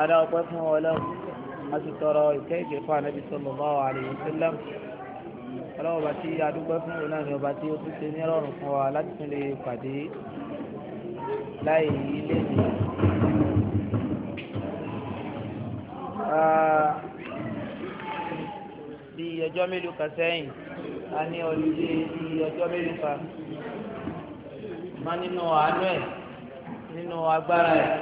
adá ọpẹ́ fún ọlọ́run a sì tọrọ ìkẹ́ ìgè fún ànábì sallallahu alaihi wasallam ọlọ́run bá tí adúgbẹ́ fún òun náà ni ọba tí ó tún ṣe ní ọlọ́run fún wa láti tún lè pàdé láì ilé mi. Ah, bí ọjọ́ mélòó kan sẹ́yìn a ní ọlùdé bí ọjọ́ mélòó kan má nínú àánú ẹ̀ nínú agbára ẹ̀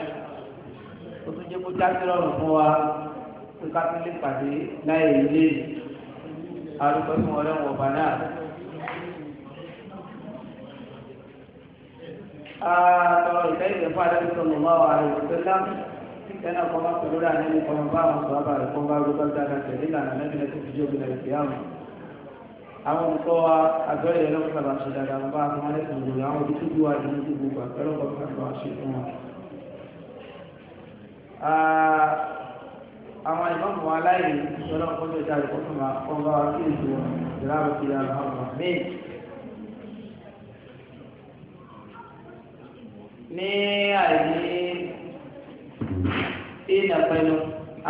jẹ́ kó jáde lọ́rùn fún wa kó ká tún lè pàdé láyé ilé arúgbó fún ọlọ́run ọba náà. tọrọ ìfẹ́ ìfẹ́ fún adájọ́ tó lọ́wọ́ ààrẹ ìfẹ́lá kẹ́nà kọ́má pẹ̀lú rẹ̀ nínú kọ́má bá àwọn sọ̀rọ̀ àbàrẹ̀ kọ́má rúbá dáadáa tẹ̀lé ìlànà lẹ́gbẹ̀ẹ́ tó fi jókòó lẹ́yìn ìfẹ́ àwọn àwọn olùkọ́ wa àgbẹ̀rẹ̀ yẹn lọ́kọ̀ sábà ṣe dáadáa wọn bá àwọn ọmọdé tó ń gbòòrò àwọn olùkọ́ wa ní gbogbo àgbẹ̀rẹ̀ kọ́má ṣe fún wọn. Ah, àwọn ìmọ̀mù wa láyé ìṣọ́lá kọjọ ìjà rẹ̀ kọ́tùmá kọ́ńbà wa kí èso ìlànà ti yára hàn mí. ní àìní ìnà pẹ̀lú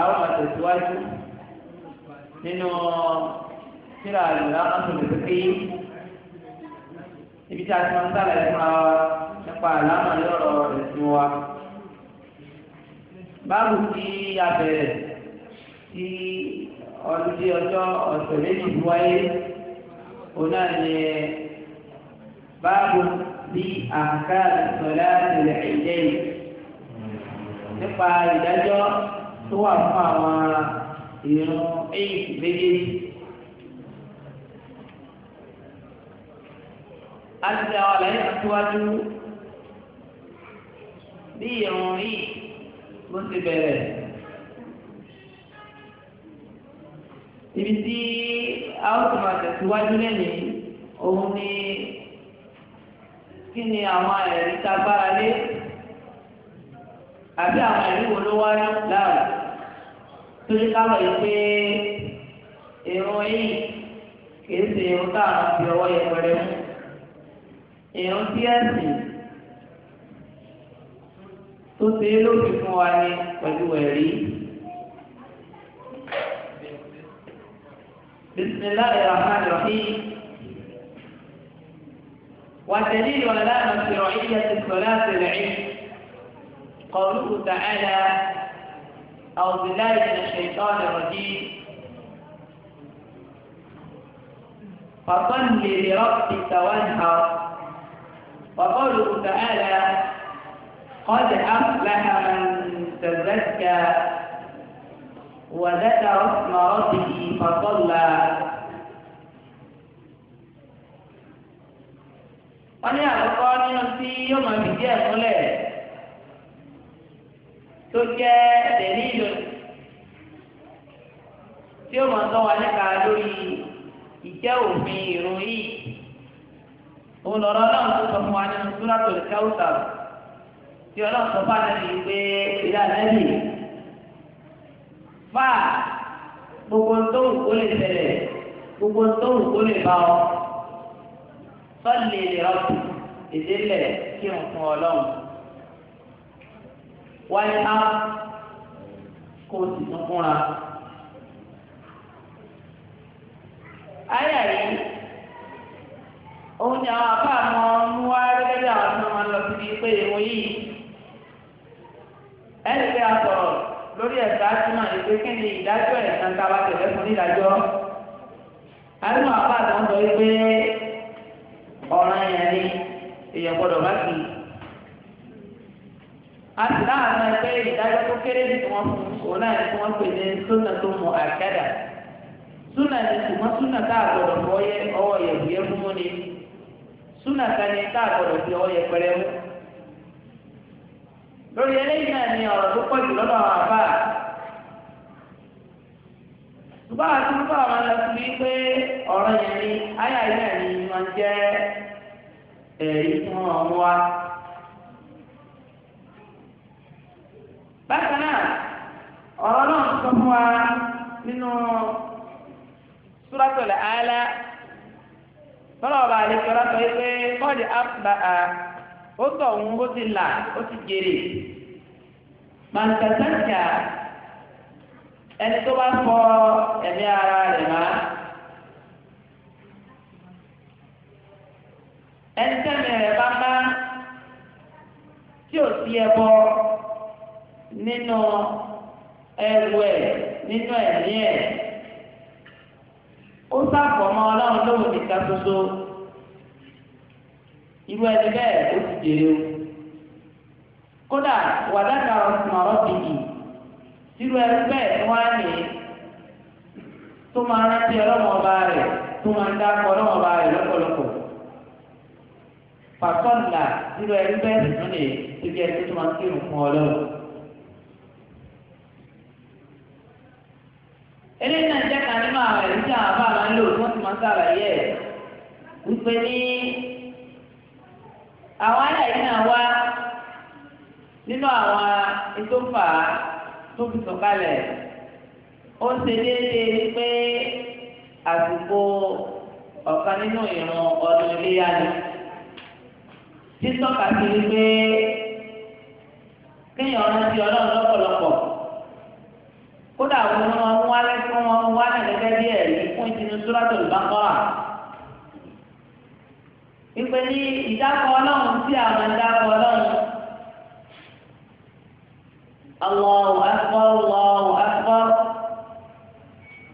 àwọn àtẹ̀síwájú nínú síra àlùlá àtúntòkè ibi tí a ti máa ń sàlàyé fún wa nípa àlámà lọ́rọ̀ ẹ̀sìn wa báwo tí a bẹ̀rẹ̀ tí ọdún ọjọ́ ọ̀sẹ̀ méjì wáyé òun ni, ní báwo bí àká ìsọ̀lá ìrẹ̀ ẹ̀jẹ̀ yìí nípa ìdájọ́ tó wà fún àwọn ìrún ẹ̀yìn méjèèjì. a ti ṣe àwọn àlàyé àtiwájú bí ìrún yìí ló ti bẹ̀rẹ̀. ibi tí a ó ti máa tẹ̀síwájú lẹ́yìn òun ni kí ni àwọn ẹ̀rí tá a bára lé àbí àwọn ẹ̀rí wo ló wá láàrú torí ká lọ yìí pé irun yìí kìí ṣe irun tá a fi ọwọ́ yẹpẹrẹ mú irun tí ẹ̀sìn. tó ṣe é lófin fún wa ní pẹ̀lú ẹ̀rí. bisimilahi rahman rahim ودليل على مشروعية صلاة العيد قوله تعالى أو بالله من الشيطان الرجيم فصل لربك وانهر وقوله تعالى قد أفلح من تزكى وذكر اسم ربه فصلى wọ́n ní àkọ́kọ́ nínú tí yóò máa fi díẹ̀ múlẹ̀ tó jẹ́ dẹ̀lílò tí yóò máa tọ́ wa nípa lórí ìjẹ́ òfin ìròyìn òun lọ́rọ́ náà tó sọ fún wa nínú súrátò lè káwùtà rẹ̀. tí ọlọ́run sọ fáwọn ẹni pé ìdá lẹ́bì fà gbogbo tó wù kó lè ṣẹlẹ̀ gbogbo tó wù kó lè bá ọ sọ́ọ̀lì lè rọ́ọ̀tì ìdílé kí n fún ọlọ́run wáyé á kó o sì tún fúnra. ayà yìí òun àwọn àbá àwọn ọmọ gẹ́gẹ́ bí àwọn tó máa lọ síbi pé ìwọ̀n yìí ẹ̀yìn pé a sọ̀rọ̀ lórí ẹ̀ka túmọ̀ ìpè kí ni ìdájọ́ ẹ̀sán tá a bá tẹ̀lé fún nídàjọ́ àdúgbò àbá àtàn sọ wípé ọ̀ràn yẹn ni èèyàn gbọ́dọ̀ bá kì í a sì láàánú ẹgbẹ́ ìdájọ́ tó kéré ní tí wọ́n fún òun náà ní tí wọ́n pè ní sọ́nà tó mọ àkádà súnà ní ṣùgbọ́n súnà tá a gbọ́dọ̀ fọ ọwọ́ yẹ̀wù yẹ fún mọ́ni súnà kan ní tá a gbọ́dọ̀ fi ọwọ́ lórí eléyìí náà ni ọ̀rọ̀ tó pọ̀ jù lọ́dọ̀ àwọn àbá ṣùgbọ́n àti nípa àwọn ẹlẹ́sìn bíi pé ọ̀rọ̀ yẹn ni àyà yìí náà ni wọ́n jẹ́ ẹ̀rí fún ọmọ wa. bákan náà ọ̀rọ̀ náà ń sọ fún wa nínú Suratul A'la tọ́lọ̀ ọba àlejò ọlọ́sọ yìí pé kọ́ọ̀dì áfúdà ó tọ̀ òun ó ti là ó ti jèrè màtàtàkà ẹni tó bá fọ ẹ̀mí ara rẹ̀ má ẹni tẹ́mi rẹ̀ bá má tí ò sí ẹbọ nínú ẹrù ẹ̀ nínú ẹ̀mí ẹ̀ ó sàfọ̀mọ́ ọlọ́run lóhùn nìkan ṣoṣo irú ẹni bẹ́ẹ̀ ó ti jèrè o kódà wàdàkà ọ̀sùnmọ̀rọ̀ bìbì irú ẹni bẹ́ẹ̀ wọ́n á ní tó máa rántí ọlọ́mọ ọba rẹ̀ tó máa ń dáko ọlọ́mọ ọba rẹ̀ lọ́pọ̀lọpọ̀ pàtọ́ǹdà irú ẹni bẹ́ẹ̀ sì tún lè tó jẹ́ ẹni tó máa ń kírun fún ọlọ́run. eléyìí náà jẹ́ kan nínú àwọn ẹ̀rí tí àwọn bá máa ń lò tí wọ́n ti máa ń sàlàyé ẹ̀ wípé ní. àwọn aláìní náà wá nínú àwọn ìtòfà tó fi sọ̀kalẹ̀ ó ṣe déédéé pé àsìkò ọ̀kan nínú ọdún ni títọ́ka sí i pé kéèyàn rántí ọlọ́run lọ́pọ̀lọpọ̀ kódà wọn ni wọn wálé fún wọn mú wálé gẹ́gẹ́ bí ẹ̀rí fún ìdíni ìbákọ́ra sí àwọn ìdáàbò ọlọ́run. Allahu akbar, Allahu akbar.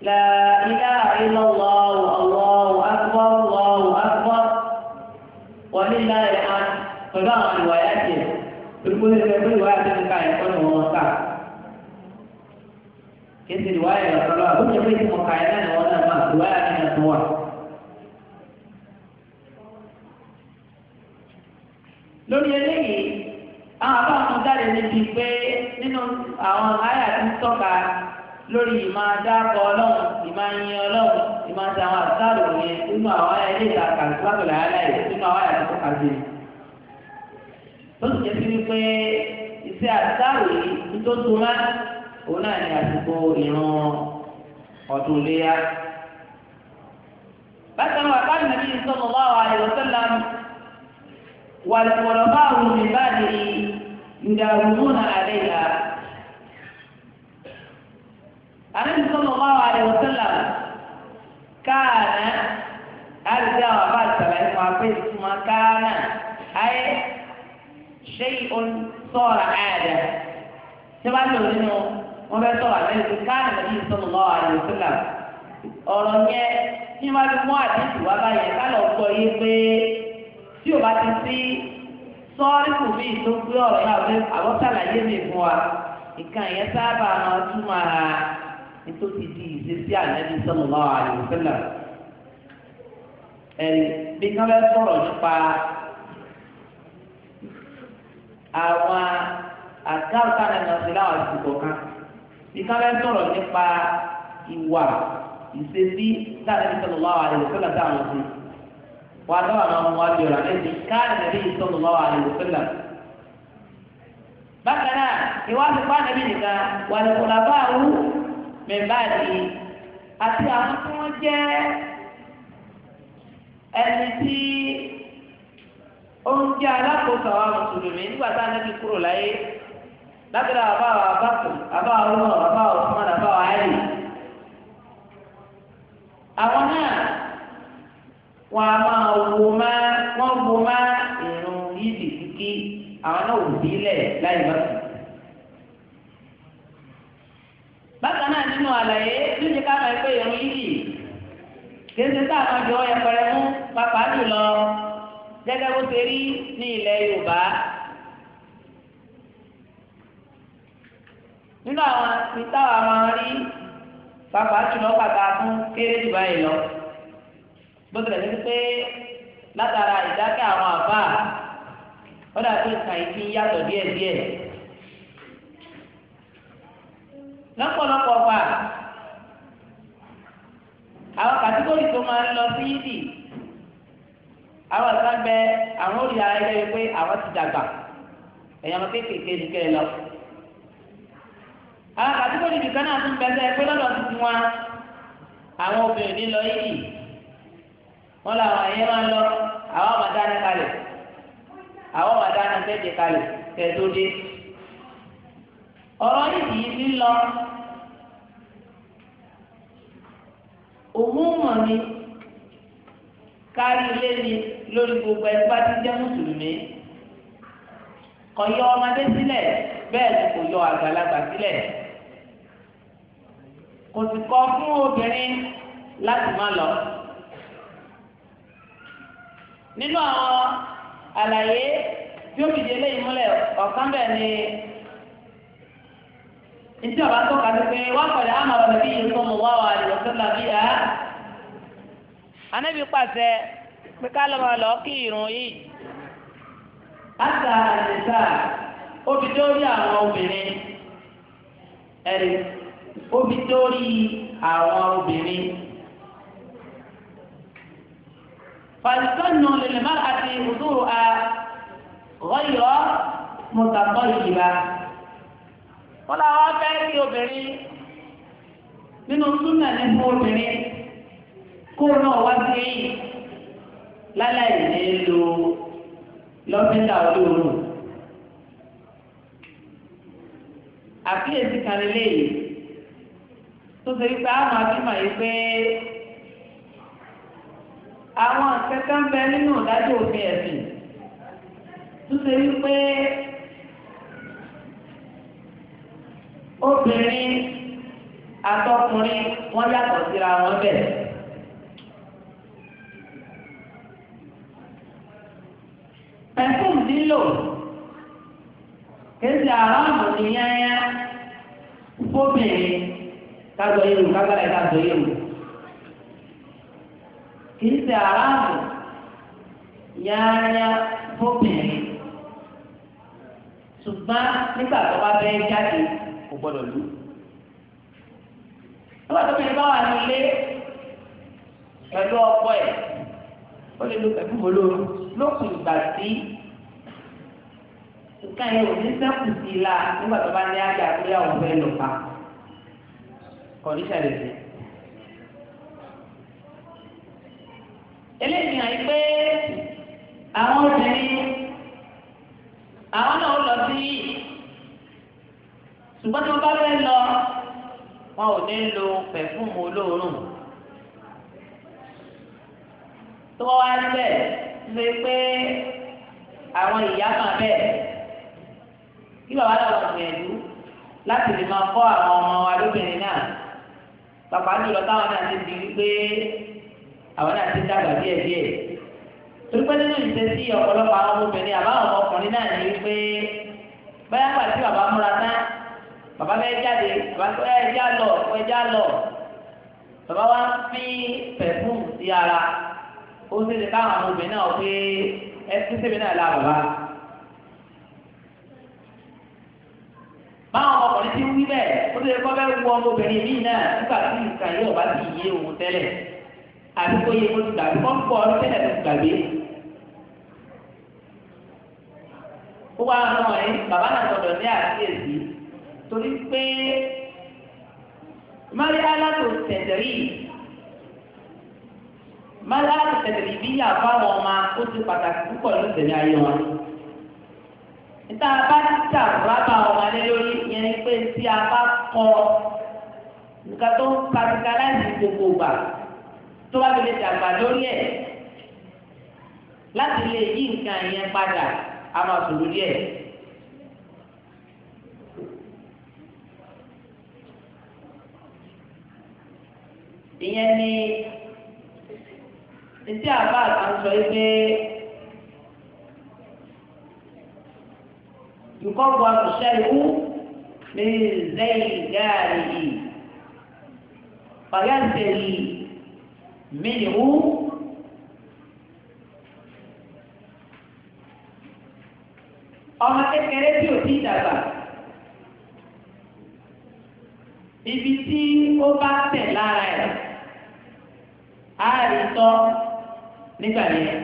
La ilaha illallah, Allahu akbar, Allahu akbar. Wọ́n ní láyé á pẹ̀lú àwọn ìwà yá jẹ. Olùkọ́ ní ẹgbẹ́ ìwà yá tẹ̀lé ká ẹ̀kọ́ ni wọ́n kà. Kí ni ìwà yá yọ̀ sọ́lá? Ó jẹ́ pé ìmọ̀ká ẹ̀ náà ni wọ́n náà máa ìwà yá ni ẹ̀ tó wà. débi pé nínú àwọn àyà tí ń tọ́ka lórí ìmọ̀ adáàbọ̀ ọlọ́run ìmọ̀ yin ọlọ́run ìmọ̀ àti àwọn àtàrò yẹn nínú àwọn àyà ilé ìtàkà ìtàkùn àyà yẹn nínú àwọn àyà tó tọ́ka sí i. tó sì jẹ́ sí wípé iṣẹ́ àtàrò yìí ní tó tó má òun náà ní àsìkò ìran ọdún léyà. bákan wà bá nàbí sallallahu alaihi wasallam wal khulafa'u min ba'dihi يداومون عليها النبي صلى الله عليه وسلم كان أرجع وفات سبعين وعبيد ثم كان أي شيء صار عادة سبعين وزنه وما صار عادة كان النبي صلى الله عليه وسلم ọ̀rọ̀ yẹn ní wàá fi mú àdéhùn wá báyẹn ká lọ sọ yé pé tí o bá ti sí sọ́ọ́rí kò mí tó gbé ọ̀rọ̀ náà fẹ́ àbọ̀sàlàyé mi fún wa nǹkan yẹn sábà máa túmọ̀ nítorí di ìṣesí ànábi sallallahu alaihi wasallam ẹ̀rí bí kan fẹ́ sọ̀rọ̀ nípa àwọn àgáwùtà náà lọ sí láwọn àsìkò kan bí kan fẹ́ sọ̀rọ̀ nípa ìwà ìṣesí láti ànábi sallallahu alaihi wasallam táwọn ṣe. وأدوى ما مواجه العليم كان النبي صلى الله عليه وسلم بكنا يوافق بان نبيك والخلفاء من بعده àti àwọn tí wọ́n jẹ́ ẹni tí ó ń jẹ́ alákòóso àwọn mùsùlùmí nígbà tá a nẹ́bí kúrò láyé lábẹ́rẹ́ àbáwọ̀ àbákù àbáwọ̀ ọlọ́wọ̀ àbáwọ̀ ọ̀sùnmọ́n àbáwọ̀ àyè. àwọn náà wọn a máa wo máa wọn wo máa ìrùn yídì kíkí àwọn náà wò sílẹ̀ láì má sùn. bákan náà nínú àlàyé lójú ká máa pé ìrùn yídì kéde tá a máa jọ ẹpẹrẹ mú pápá jùlọ gẹ́gẹ́ bó ṣe rí ní ilẹ̀ Yorùbá. nínú àwọn rí bó tilẹ̀ ní pé látara ìdákẹ́ àwọn àbá ó dà pé ìka ìfi yàtọ̀ díẹ̀díẹ̀ lọ́pọ̀lọpọ̀ ọ̀gbà àwọn kàtíkórì tó máa ń lọ sí yídì àwọn àtàgbẹ àwọn pé àwọn ti dàgbà ẹ̀yàn kéékèèké ní lọ. àwọn kàtíkórì nìkan náà tún bẹ́ẹ̀ pé lọ́dọ̀ tuntun wa àwọn obìnrin ní lọ yídì. wọn làwọn ẹyẹ máa ń lọ àwọn ọmọ dáná kalẹ̀ àwọn ọmọ dáná tẹjẹ kalẹ̀ tẹtó dé ọ̀rọ̀ yìí kì í sí lọ òun mọ ni kárí ilé ni lórí gbogbo ẹ bá ti jẹ mùsùlùmí kò yọ ọmọdé sílẹ̀ bẹ́ẹ̀ ni kò yọ àgbàlagbà sílẹ̀ kò sì kọ̀ fún obìnrin láti má lọ nínú àwọn àlàyé bí ó fìdí eléyìí múlẹ̀ ọ̀kan bẹ́ẹ̀ ni ntí ọba tó kàdé pé wọ́n kọ̀ dé amọ̀ràn nàbí yìí tó mọ̀ wáwà àdìgbò tó nàbí yà á. anábì pàṣẹ pé ká lọ́mọ lọ kí irun yìí. àtà àdìsá obì tó rí àwọn obìnrin ẹ̀rí obì tó rí àwọn obìnrin. فالسن للمرأة حضورها غير متطيبة wọ́n làwọn afẹ́ sí obìnrin nínú súnà ní fún obìnrin kó náà wá sí èyí láláì ní lo lọ́fíńdà olóòórùn. àkíyèsí kan lélẹ́yìí tó ṣe wípé àwọn akímọ̀ yìí pé àwọn akẹ́kọ̀ọ́ ń bẹ nínú ìdájọ́ òfin ẹ̀sìn tó ṣe wípé obìnrin àtọkùnrin wọ́n yàtọ̀ síra wọn bẹ́ẹ̀. pẹ̀fúm nílò kéde aráàlú ní yányá fóbìnrin kájọ yẹ̀wò kájọ yẹ̀wò kájọ yẹ̀wò kì í ṣe aráàlú yáyá fóbìnrin ṣùgbọ́n nígbà tó bá fẹ́ jáde kò gbọ́dọ̀ lù. nígbà tó bẹ̀rẹ̀ bá wà ní ilé pẹ̀lú ọkọ ẹ̀ ó lè lo pẹ̀lú olóró lókùn ìgbà tí nǹkan yẹn ò ní sẹ́kù sí i la nígbà tó bá ní ajá àbúyá òun fẹ́ lò pa kọ̀ọ̀díṣà lè sè eléyìí hàn pé àwọn obìnrin àwọn náà lọ sí ṣùgbọ́n tí wọ́n bá fẹ́ lọ wọn ò ní lo pẹ̀fúmù olóòórùn tó wá níbẹ̀ ṣe pé àwọn ìyá máa bẹ́ẹ̀ kí bàbá náà wọ̀ gbìyànjú láti lè máa kọ́ àwọn ọmọ wa náà bàbá jùlọ táwọn náà ti di wípé àwọn náà ti dàgbà díẹ̀ díẹ̀ torípé nínú ìṣesí ọ̀pọ̀lọpọ̀ àwọn ọmọbìnrin àbáwọn ọmọkùnrin náà ní pé báyà gbà tí bàbá múra tán bàbá bẹ́ẹ̀ jáde bàbá tó ẹ já lọ ẹ já lọ bàbá wa ń fi pẹ̀fúm sí ara ó sì lè káwọn ọmọbìnrin náà pé ẹ tún sèmi náà la bàbá. báwọn ọmọkùnrin ti wí bẹ́ẹ̀ ó sì lè kọ́ bẹ́ẹ̀ wọ ọmọbìnrin míì náà nígbà tí nǹkan yóò ti yé òun tẹ́lẹ̀ àti kó yẹ kó ti gbàgbé kó ń pọ̀ ọdún tẹ́lẹ̀ tó gbàgbé. ó wá rán ọ yín bàbá náà gbọdọ̀ ní àkíyèsí torí pé mariala tó tẹ̀tẹ̀rì mariala tó tẹ̀tẹ̀rì bí yà fáwọn ọmọ ó ti pàtàkì púpọ̀ ló tẹ̀lé ayé wọn. níta bá ti àbúrá bá ọmọ alẹ́ lórí yẹn pé tí a bá kọ́ nǹkan tó ń pàtàkì aláìsí gbogbo gbà tó bá fi lè dàgbà lórí ẹ̀ láti lè yí nǹkan yẹn padà a máa sòrò díẹ̀. ìyẹn ni ntí àbá àtàǹsọ yìí pé yìkọ́ bu àtúnṣe ìwú mi zẹ́yìn gáàrí yìí pàgẹ́ǹtẹ̀ yìí mínú ọmọ kékeré tí ò ti dàgbà ibi tí ó bá tẹ̀ lára ẹ̀ á rí tọ́ nígbà yẹn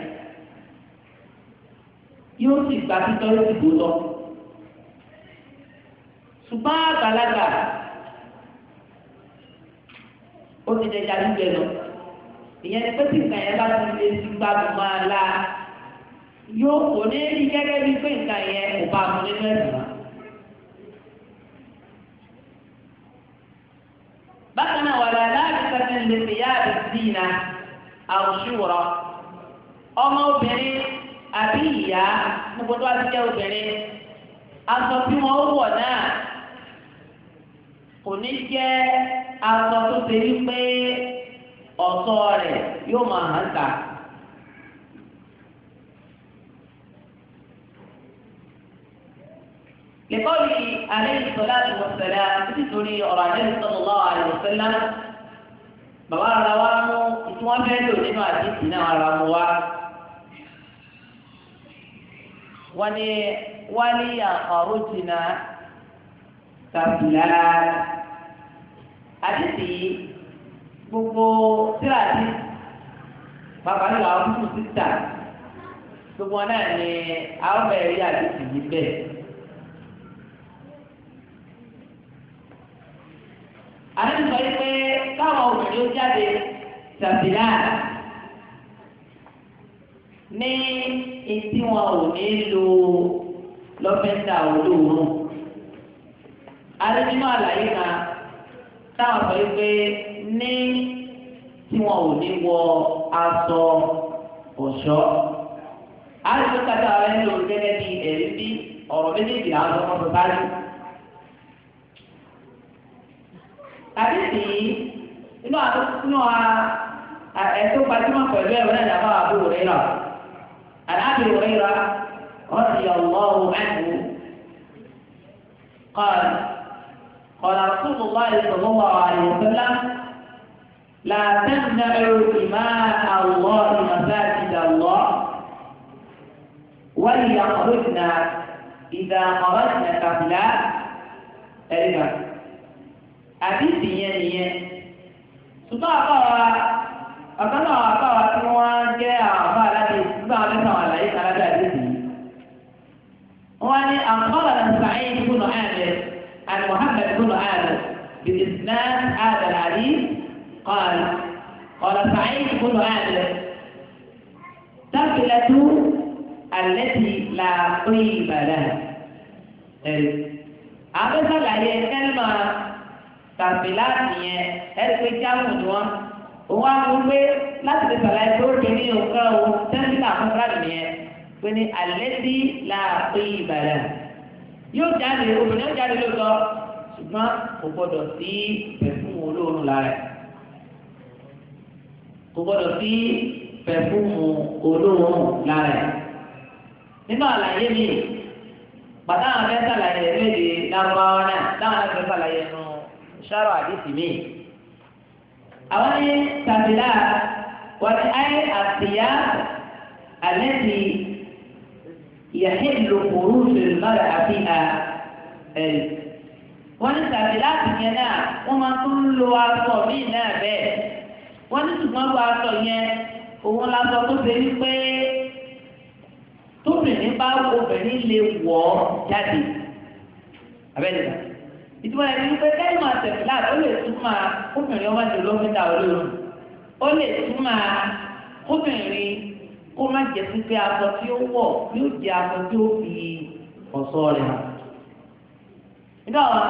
yóò sì gba títọ́ yóò sì ṣùgbọ́n àgbàlagbà ó ti dẹjà gbígbẹ lọ ìyẹn ní pẹ́sì nǹkan yẹn bá ti lè ti gbádùn máa la yóò kò ní rí gẹ́gẹ́ bí pé nǹkan yẹn kò bá mu nínú ẹ̀sìn wọn. bákan náà wàlá láàbí sẹ́sìn lè fi yáàbí sí iná àwùjúwọ̀rọ̀ ọmọ obìnrin àbí ìyá gbogbo tó wá sí jẹ́ obìnrin aṣọ tí wọ́n wọ̀ náà kò ní jẹ́ aṣọ tó ṣe wípé ọ̀tọ́ rẹ̀ yóò máa hàn ta. لقول عليه الصلاة والسلام تتوري أرى النبي صلى الله عليه وسلم bàbá ara wa mú tí wọ́n fẹ́ lò nínú àdìsí náà ara mu wa. wọ́n ní wálé àkọ́rọ́ jìnnà tàbílà àdìsí yìí gbogbo tíráàtì bàbá ní wàá kúkú títà gbogbo wọn náà ní àwọn ẹ̀rí àdìsí yìí bẹ́ẹ̀. àti sọ yìí pé káwọn obìnrin ó jáde sàbílà ní etí wọn ò ní lo lọ́fẹ́ńtà olóòórùn. àti nínú àlàyé kan táwọn sọ wípé ní tí wọn ò ní wọ aṣọ ọ̀ṣọ́ àìsí kàtà rẹ̀ ń lò gẹ́gẹ́ bí ẹ̀rí bí ọ̀rọ̀ méjèèjì àwọn ọmọ bàbá rí. àdéhùn yìí inú àtúntò ẹ̀tọ́ gbajúmọ̀ pẹ̀lú ẹ̀rọ náà dábàá àbúrò rẹ̀ rà àdábìrò rẹ̀ rà ọ̀sìn ọ̀wọ́ ọ̀hún ẹ̀kú kọ́ọ̀lù. قال رسول الله صلى الله عليه وسلم لا تمنعوا إماء الله مساجد الله وليخرجنا إذا خرجنا قبلا أيضا أبيت يعني سبع قوى أقنع قوى سنوان جاء أعفى لدي سبع قوى لدي سبع قوى سعيد بن عامر عن محمد بن آدم بإسناد هذا الحديث قال قال سعيد بن آدم تقلة التي لا قيمة لها هذا سلعي كلمة tàbílà nìyẹn ẹgbẹ́ jáwù ni wọn òun á mú pé láti lè sàlàyé pé ó ké ní òkúra òun tẹ́sítà fún rádìmíyẹn pé ní alẹ́ sí làápé ìbàdàn yóò jáde obìnrin yóò jáde lóòótọ́ ṣùgbọ́n kò gbọ́dọ̀ sí pẹ̀fún olóòórùn lára kò gbọ́dọ̀ sí pẹ̀fún olóòórùn lára nínú àlàyé mi bàtà àwọn fẹ́ sàlàyé léde lárúbáwá náà láwọn fẹ́ sàlàyé nù sáró àdìsí mi àwọn ní tàbílà wọn ni ayé àtìyá alẹ́ ti. يحل خروج المرأة فيها wọ́n ní tàbí láti yẹn náà wọ́n máa tún lo aṣọ míì náà bẹ́ẹ̀ wọ́n ní ṣùgbọ́n lo aṣọ yẹn òun lásọ tó ṣe wípé tóbìnrin bá obìnrin lè wọ̀ ọ́ jáde abẹ́lẹ̀ náà ìtumọ̀ ẹni wípé kẹ́yìn máa tẹ̀lé láti ó lè túmọ̀ obìnrin ọmọdé olómìnira olóòrùn ó lè túmọ̀ obìnrin kó má jẹ sí pé aṣọ tí ó wọ̀ yóò jẹ aṣọ tí ó fi ọ̀ṣọ́ rẹ̀ hàn. nígbà wọn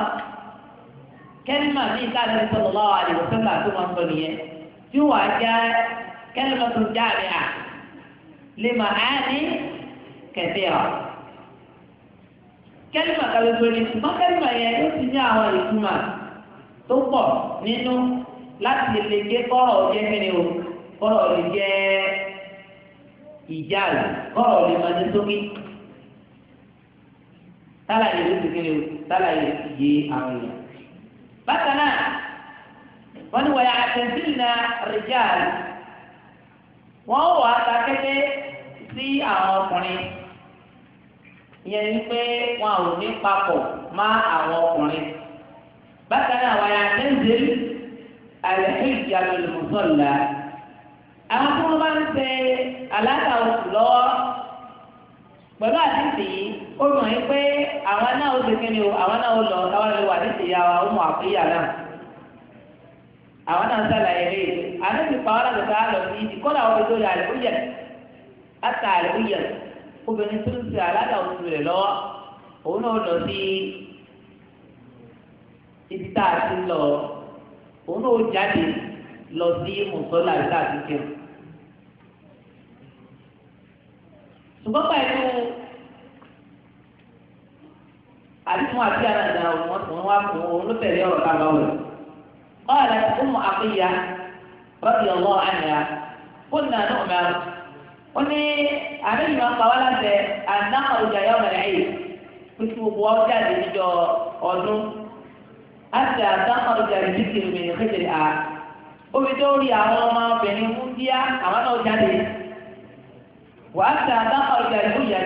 kẹ́rìmà ní ìtàgé sallallahu alaihi wasallam tó máa ń sọ nìyẹn tí wàá já kẹ́rìmà tó já rẹ̀ à lè má á ní kẹ̀tẹ́ ọ̀. kẹ́rìmà kàwé gbèrè ṣùgbọ́n kẹ́rìmà yẹn yóò ti ní àwọn ìtumà tó pọ̀ nínú láti lè jẹ́ kọ́rọ̀ jẹ́ kẹ́ni o kọ́rọ̀ lè jẹ́ ìjáàlì kọ́rọ̀ lè máa ní sókè sálàyé ló ti kéré o sálàyé yé àwọn èèyàn. bákan náà wọ́n ní wọ̀nyí àtẹ̀sílì na rìjáàlì wọ́n wọ̀ ata kété sí àwọn ọkùnrin ìyẹn ni pé wọn ò ní papọ̀ má àwọn ọkùnrin bákan náà wọ̀nyí àtẹ̀sílì àlẹ́ ìjàlè lòmùsọ̀lá àwọn tí wọ́n bá ń tẹ alága oṣù lọ́wọ́ pẹ̀lú àdìsí ó mọ̀ pé àwọn náà ó kí ni o àwọn náà ó lọ táwọn lè wà ya wa ó mọ̀ náà àwọn náà sàlàyé rè ti pa sí kọ́lá tó obìnrin tó ń ṣe oṣù lọ́wọ́ òun náà lọ sí ibi tá a ti lọ òun náà ó jáde lọ sí mùsọ́lá ibi tá ṣùgbọ́n pẹ̀lú àdìmọ́ àti àdàdà wọn tó wá fún olótẹ̀lẹ́ ọ̀rọ̀ ká lọ́wọ́ ọ̀rọ̀ àti ọmọ àfẹ́yà rọ́bì ọlọ́ àyà fún nà ní ọ̀mà ó ní àbẹ́yìn máa pa wá láti àná ọjà yà ọ̀rẹ́ ayé kó tí gbogbo wa jáde níjọ ọdún àti àná ọjà ìdíkì ìrìnàjò kékeré à omi tó rí àwọn ọmọ obìnrin fún díà àwọn náà jáde. wàhálà àtàkọ̀rọ̀jà ìlúyà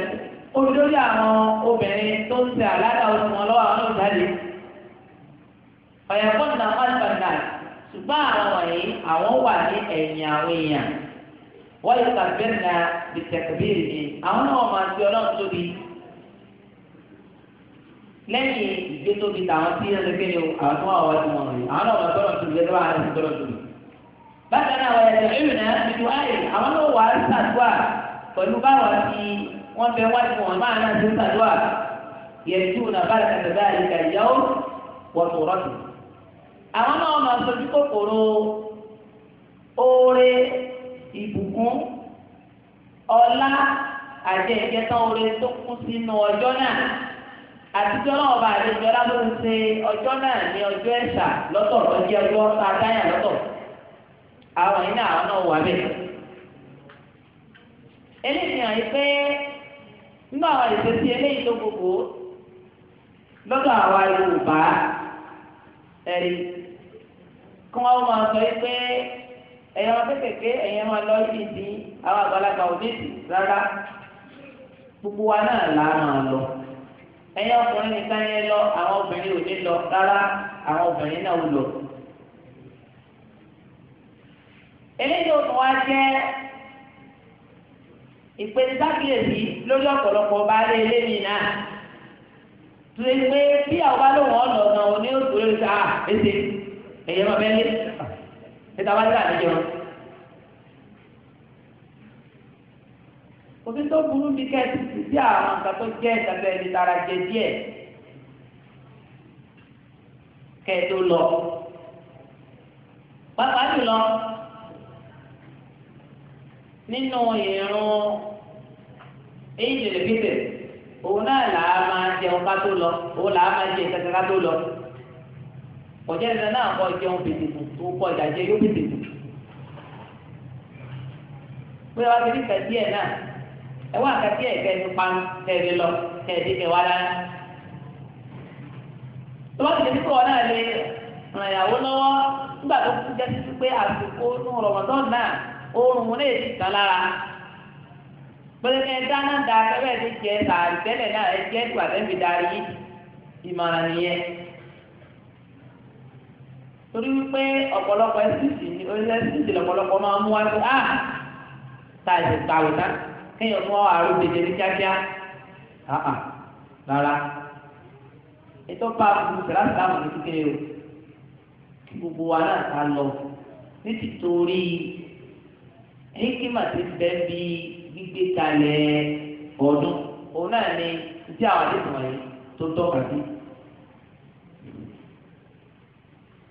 olórí àwọn obìnrin tó ń ṣe àlàdà oṣù lọ́wọ́ àwọn olùdarí ọ̀yàpọ̀ nà na ṣùgbọ́n àwọn wọ̀nyí àwọn wà ní ẹ̀yìn àwọn èèyàn wọ́n yóò kàfẹ́ na bìtẹ̀kùbìrì ni àwọn náà máa ti ọlọ́run tóbi lẹ́yìn ìgbé tóbi tí ni àwọn tó wà wọ́n ti wọ̀n àwọn náà wọ́n pẹ̀lú báwọn ti wọ́n bẹ wájú wọn máa náà ti ń sàdúrà yẹtù náà bá lẹ́kẹ̀tẹ̀ báyìí ìgbà ìyàwó wọ́n tó rọ́ọ̀tù. àwọn náà máa sojú kòkòrò oore ìbùkún ọlá àjẹ ìjẹta oore tó kún sínú ọjọ́ náà àtijọ́ náà ọba àlejò alábòrò ṣe ọjọ́ náà ní ọjọ́ ẹ̀sà lọ́tọ̀ lọ́jọ́ ọjọ́ sátáyà lọ́tọ̀ àwọn yìí náà àwọn náà wà bẹ́ẹ̀ eléyìí hàn yìí pé nínú àwọn ìṣesí eléyìí tó gbogbo lọ́dọ̀ àwa Yorùbá ẹ̀rí kí wọ́n máa sọ yìí pé ẹ̀yẹ wọn kékèké ẹ̀yẹ wọn lọ sí ìdí àwọn àgbàlagbà òbí sí rárá gbogbo wa náà là á máa lọ ẹ̀yin ọkùnrin nìkan yẹn lọ àwọn obìnrin ò ní lọ rárá àwọn obìnrin náà ò lọ. eléyìí òtún wá jẹ́ ìpèsè sákìlẹ̀sì lórí ọ̀pọ̀lọpọ̀ bá lé ilé mi náà tó lè pé bí àwọn bá lóun ọ̀nà ọ̀nà òní òtún lórí sa èsè èyẹ máa bẹ́ẹ̀ lé níta bá dé àlejò òbí tó burú bí kẹ́ẹ̀sì sí sí àwọn nǹkan tó jẹ́ ìtàkùn ẹni tara jẹ díẹ̀ kẹ́ẹ̀ tó lọ pàápàá jùlọ. nínú ìrún ìjìnlẹ̀ pípẹ̀ òun náà là á máa jẹun ká tó lọ òun là á máa jẹ ká tó lọ kọjá ìtẹ̀ náà kọ jẹun pètèkù tó kọ ìdàjẹ́ yóò pètèkù pé wá sí nípa díẹ̀ náà ẹ wá àkàtí ẹ̀kẹ́ ní pam kẹ́ẹ̀dé lọ kẹ́ẹ̀dé kẹwàá dáná tó bá ti kọ́ náà ràn ìyàwó lọ́wọ́ nígbà tó kú jẹ́ títí pé àsìkò oorun lè tán lára pẹ̀lẹ́ ẹ̀dá náà da akẹ́fẹ́ ti jẹ tààrí tẹ́lẹ̀ náà ẹ jẹ́ ìgbà tẹ́lẹ̀ darí ìmọ̀ràn nìyẹn torí wípé ọ̀pọ̀lọpọ̀ ẹ̀sìtì ní oríṣi ẹ̀sìtì lọ̀pọ̀lọpọ̀ máa mú wá sí à a ṣe gbàwé kéèyàn mú àrùn tètè ní kíákíá àà ah, ah, rárá ètò bá a o kí gbogbo wa náà hikima ti bẹ bi gbígbé kalẹ̀ ọdún òun náà ni tí àwọn àdéhùn wọ̀nyí tó tọ́ka sí.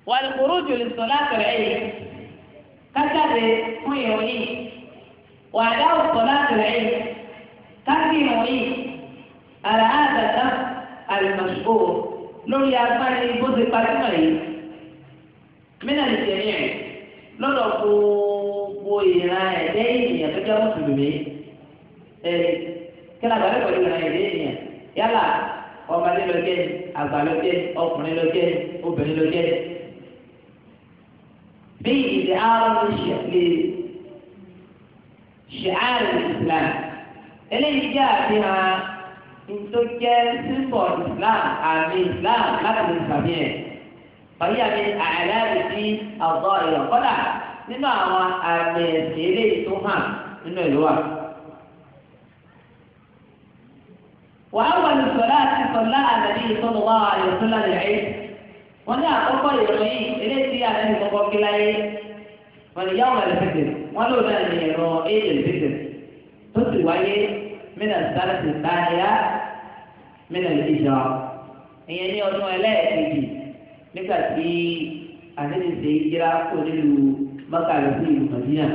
wàlùkùrù jòlè sọ látọ̀rọ̀ ẹ̀yẹ kájáde fún ìròyìn wàdà òsọ látọ̀rọ̀ ẹ̀yẹ kájí ìròyìn àrà àdàdà àlùmọ̀ṣọ́ lórí agbára ibùdó pàtó yìí mí náà lè jẹ́ yẹn. mùsùlùmí ẹ kí ni àgbàdo pẹ̀lú ìlànà ìdí ènìyàn yálà ọmọdé ló jẹ́ àgbà ló jẹ́ ọkùnrin ló jẹ́ obìnrin ló jẹ́ bí ìdí àrùn ṣe ṣe àrùn Islam eléyìí jẹ́ àfihàn ntòkẹ́ símbọ̀ Islam àmì Islam láti lè sàmìẹ̀ ọ̀yí àmì àìláàbì sí ọ̀gọ́ ìyọ̀ kọ́dà nínú àwọn àmì ẹ̀sìn eléyìí tó hàn nínú ẹ̀ ló wà. wàá wà ní sọ̀lá àti sọ̀lá àdàbí ìsọ̀nù wa àyọ̀sọ́lá rẹ̀ ẹ́ wọ́n ní àkọ́kọ́ ìròyìn eléyìí àdàbí kọ́kọ́ kí láyé wọ́n ní yàwó ẹ̀rẹ́ fìdí wọ́n ló dá ní ẹ̀rọ ẹ̀yẹ fìdí tó sì wáyé mínà sálẹ̀sì táyà mínà ìjọ ìyẹn ní ọdún ẹlẹ́ẹ̀kejì nígbà tí àdébìsẹ̀ yíra kó nílùú mọ́kàlùkù ìlú mọ̀dínà.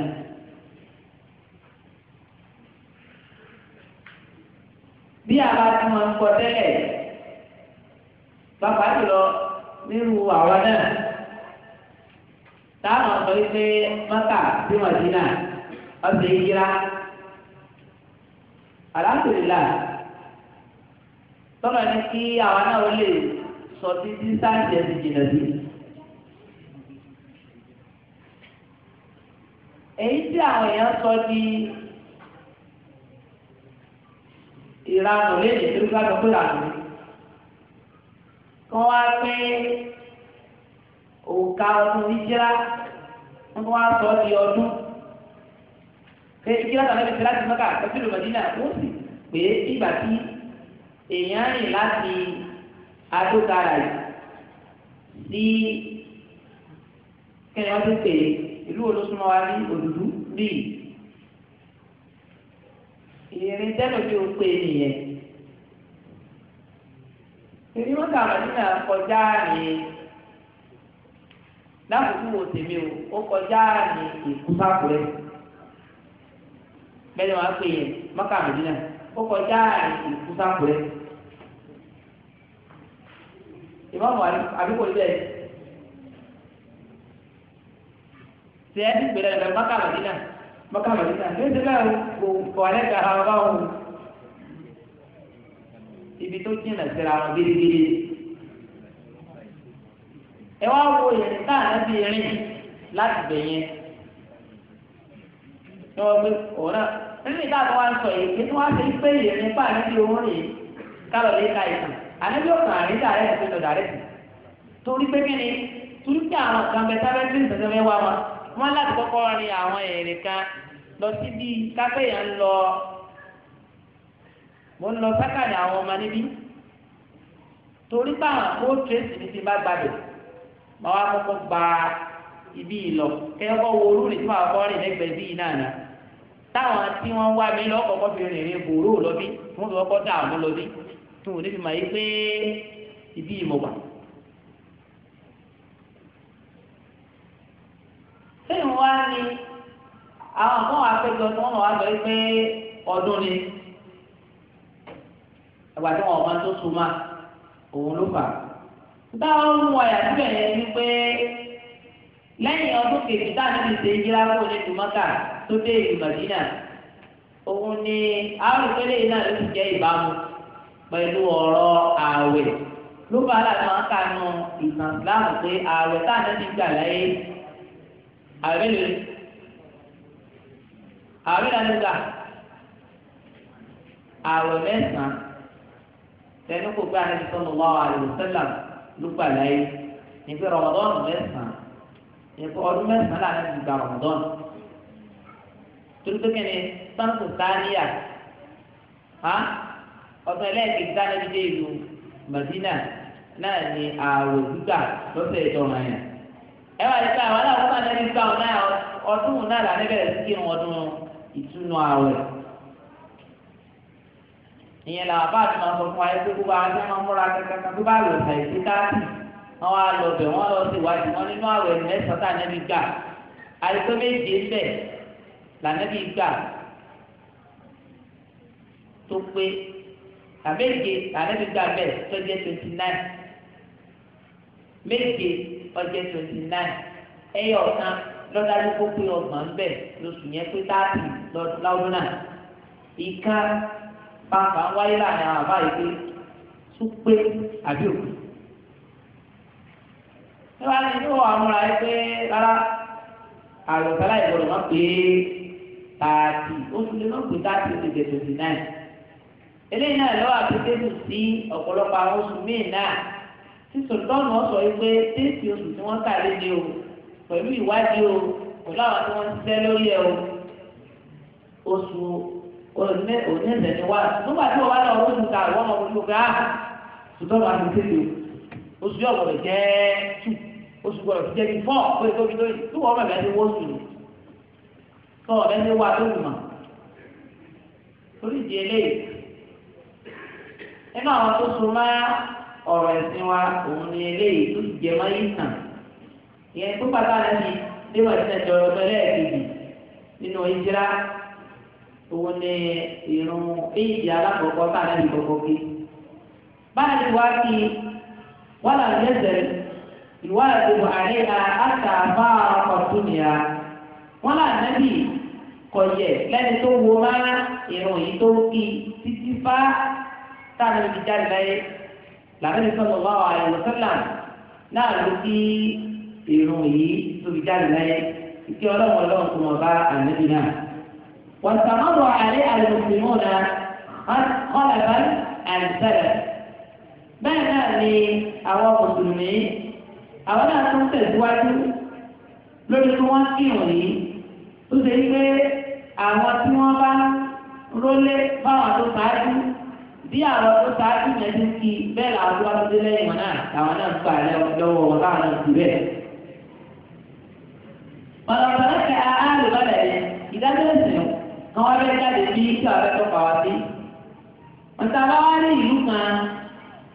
bí àbá tí wọ́n ń kọ tẹ́lẹ̀ bàbá jùlọ nínú àwa náà táwọn sọ pé mọ́tà tí wọ́n ti náà ọ̀sẹ̀ yíra alákùnrinlá tọ́lọ̀ ní kí àwa náà ó lè sọ títí sáǹtì ẹ̀sìn jìnnà sí. èyí tí àwọn èèyàn sọ di. ìranù lẹ́yìn tó ń gbàgbọ́ pé rànù ni. kọ́ wá pé òǹkà ọdún ìjírá wọ́n wá sọ di ọdún. pé ìjírá tàbí ìfẹ́ láti mọ́kà pẹ̀lú ìmọ̀dínà ó sì pé ìgbà tí èèyàn rìn láti adókara yìí sí kẹ́ni wọ́n ti pè ìlú olóṣùmọ́ wa ní òdùdú bíi ìrìn tẹ́lẹ̀ tí ó pé nìyẹn. èmi wọ́n kà wọ́n nínú àkọjá rìn lákòókò wo tèmi o ó kọjá rìn ìkúsàkùrẹ́ bẹ́ẹ̀ ni wọ́n á pè yẹn mọ́kà mẹ́dínà ó kọjá rìn ìkúsàkùrẹ́ ìmọ̀mù àbíkò ibẹ̀ tẹ́ ẹ́ ti gbẹ̀rẹ̀ lọ mọ́kà mẹ́dínà mọ́ká màdínà ní ti bẹ́ẹ̀ kò ọ̀rẹ́ ga ara wọn o ibi tó jìnnà síra wọn gidigidi ẹ eh, wá wo yẹn táà bí rìn láti bẹ̀ yẹn ní wọ́n gbé ọ̀rẹ́ nínú ìta tó wá ń sọ yìí kí wọ́n á ti pé yẹn nípa àníbi òun rìn kálọ̀ lè ka ìtàn àníbi ọ̀kan àrídà àrẹ́ ìpínlẹ̀ ọ̀dà rẹ̀ torí pé kí ni torí àwọn kan bẹ sábẹ́ tí ń sẹ́sẹ́ fẹ́ wá wọn wọ́n láti kọ́kọ́ rin àwọn èrìn kan lọ síbi káfẹ́ yẹn ń lọ mo ń lọ sákàdé àwọn ọmọ níbí torí báwọn ó tírèsì mi ti bá gbàdọ̀ màá wá kọ́kọ́ gba ibi ìlọ kẹ́kọ́ wo olú rìn tí màá kọ́ rìn lẹ́gbẹ̀ẹ́ bíi náà náà táwọn tí wọ́n wá mi lọ́kọ̀ kọ́ fi rìn rìn gbòòrò lọ bí wọ́n fi kọ́kọ́ dà lọ bí tí ní fi mà yí pé ibi ìmọ̀ wà. sẹ́yìn wá ni àwọn kan wà pé jọ tí wà lọ pé ọdún ni ẹgbà tí wọn tó so òun ló fà. dáwọ́ ń wọ síbẹ̀ yẹn ni pé lẹ́yìn ọdún kejì táàbí ti ṣe yíra kó ní tùmọ́kà tó dé ni àwọn ìpínlẹ̀ yìí náà ló ti ọ̀rọ̀ ààwẹ̀ ló bá pé abin abin da nígbà àwẹ̀ mẹ́sàn-án tẹnu kò gbé àhẹ́sì sọ́nù lọ́wọ́ àlùfẹ́ sẹ́là lùgbà láyé nígbà rọmọdọ́nù mẹ́sàn-án nígbà ọdún mẹ́sàn-án láàrin ìgbà rọmọdọ́nù torípé kẹ́ni sáńtò sáníyà ọ̀sẹ̀ lẹ́ẹ̀kejì sáníyà ti dé ìlú Madina náà ni àwẹ̀ gbígbà lọ́sẹ̀ ìtọ́ràn yẹn ẹ wá lè ta àwọn aláwọ̀ náà lẹ́ni gbà wọn náà ọdún náà là níbẹ̀rẹ̀ sí kí wọn dún ìtúnu àwẹ̀. ìyẹn làwọn bá ti máa sọ fún wa ẹgbẹ́ gbogbo àwọn tí wọ́n múra kankan tó bá lò ó ṣàì sí káàtì wọ́n wá lọ bẹ̀ wọ́n lọ sí ìwádìí wọn nínú àwẹ̀ mẹ́sàn-án nẹ́bí gbà àìsàn méje bẹ̀ lànẹ́bí gbà tó pé àméje lànẹ́bí gbà bẹ̀ tó jẹ́ twenty nine méje ọjọ́ twenty nine ẹyọ ọ̀kan lọ́dá ló kó pé ọgbọ̀n ń bẹ̀ lóṣù yẹn pé táàtì lọ́dún náà ìka pàpà ń wáyé láàrin àwọn àbá yìí pé tún pé àbí òkú. níwá ní inú àmúra yìí pé rárá àlùkálà ìgbọ̀dọ̀ máa pé tààtì ó tún lè máa pé tààtì ó twenty nine eléyìí náà lọ́wọ́ àti tẹ́lù sí ọ̀pọ̀lọpọ̀ àwọn oṣù míì náà tí sọlọ́nù ọ̀sọ̀ yìí pé déètì oṣù tí wọ́n kà léde o pẹ̀lú ìwádìí o pẹ̀lú àwọn tí wọ́n ti tẹ́ lórí ẹ o oṣù onẹ́sẹ̀ ni wá nígbà tí wọ́n bá lọ ah, oṣù ká wọ́n mọ̀ oṣù ká sọlọ́nù àti tẹ́lẹ̀ o oṣù yóò gbọdọ̀ jẹ́ tù oṣù gbọdọ̀ fi jẹ́ bí fọ́ pé tóbi lórí tí wọ́n bá bẹ̀rẹ̀ wọ́n sùn tó ọ̀rẹ́ ní wá tó wù mà torí ìdí eléyìí nínú àwọn tó so máa. ọ̀rọ̀ ẹ̀sìn wa òun ni eléyìí tó sì jẹ́ yìí tàn ìyẹn tó pàtàkì náà ni nígbà tí ẹ̀jọ̀ ọ̀dọ́ nínú ìjìrá òun ni ìrun éjì alákọ̀ọ́kọ́ tá a lẹ́nu kí báyìí wá kí wọ́n lẹ́sẹ̀ àárẹ̀ àtà bá nìyà wọ́n lẹ́ni tó wo yìí tó kí títí fá làbẹ́ni sọ̀rọ̀ bá wà ẹ̀rọ sọ́là náà ló kí irun yìí tóbi jáde láyé ìkí ọlọ́run ọlọ́run tó mọ̀ bá ànábì náà. wọ́n sàmọ́rọ̀ àlẹ́ àlùmọ́ náà kọ́lẹ̀bá àìsẹ̀lẹ̀. bẹ́ẹ̀ náà ni àwọn mùsùlùmí àwọn náà tún tẹ̀síwájú lórí tí wọ́n kírun yìí tó ṣe wípé àwọn tí wọ́n bá rólé báwọn tó ṣáájú bí àwọn tó ṣáájú yẹn ti kí bẹ́ẹ̀ làwọn tó wá tó dé lẹ́yìn wọn náà làwọn náà ń pa ẹ̀ lọ́wọ́ wọn láwọn náà ti bẹ́ẹ̀. ọ̀nàmọ̀lá kẹ aáàlù lọ́dẹ̀ yẹn ìdájọ́ ìsìn kan wọ́n fẹ́ jáde bí kí wọ́n fẹ́ tó pa wá sí. ọ̀tá bá wá ní ìlú kan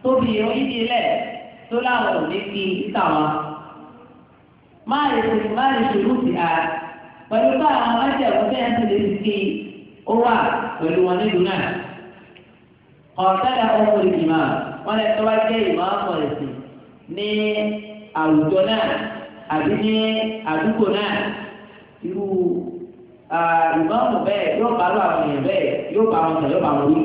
tóbi oríṣi ilẹ̀ tó láwọn ò ní kí ìta wọn. máa lè sòrò máa lè sòrò sí a pẹ̀lú bá ọmọ ẹ̀jẹ̀ wọn fẹ́ẹ́ ọ̀tẹ́lẹ̀ ọmọ ìgbìmọ̀ wọn lè tọ́wá jẹ́ ìmọ̀ ọmọ ẹ̀sìn ní àwùjọ náà àbí ní àdúgbò náà irú ìmọ̀ ọmọ bẹ́ẹ̀ yóò bá lọ àwọn èèyàn bẹ́ẹ̀ yóò bá wọn sọ yóò bá wọn wí.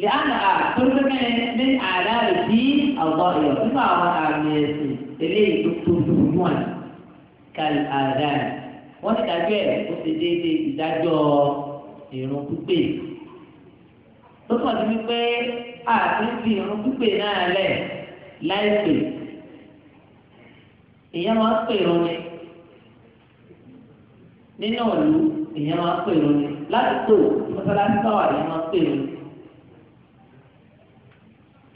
lẹ́hàn à tó ń tẹ́kẹ́ ní àdá rẹ̀ sí ọ̀gbọ́ ìyọ̀ nípa àwọn àmì ẹ̀sìn eléyìí tó tó tó fún wọn kàlí àdá wọ́n ti dájọ́ ẹ̀ ó ti déédéé ìdájọ́ ìrùn pípé tó kàn sí wípé àti fi irun pípé náà lẹ̀ láìpè èèyàn máa ń pè irun ni nínú ìlú èèyàn máa ń pè irun ni ládùúgbò mọ́sálásí sọ̀rọ̀ èèyàn máa ń pè irun ni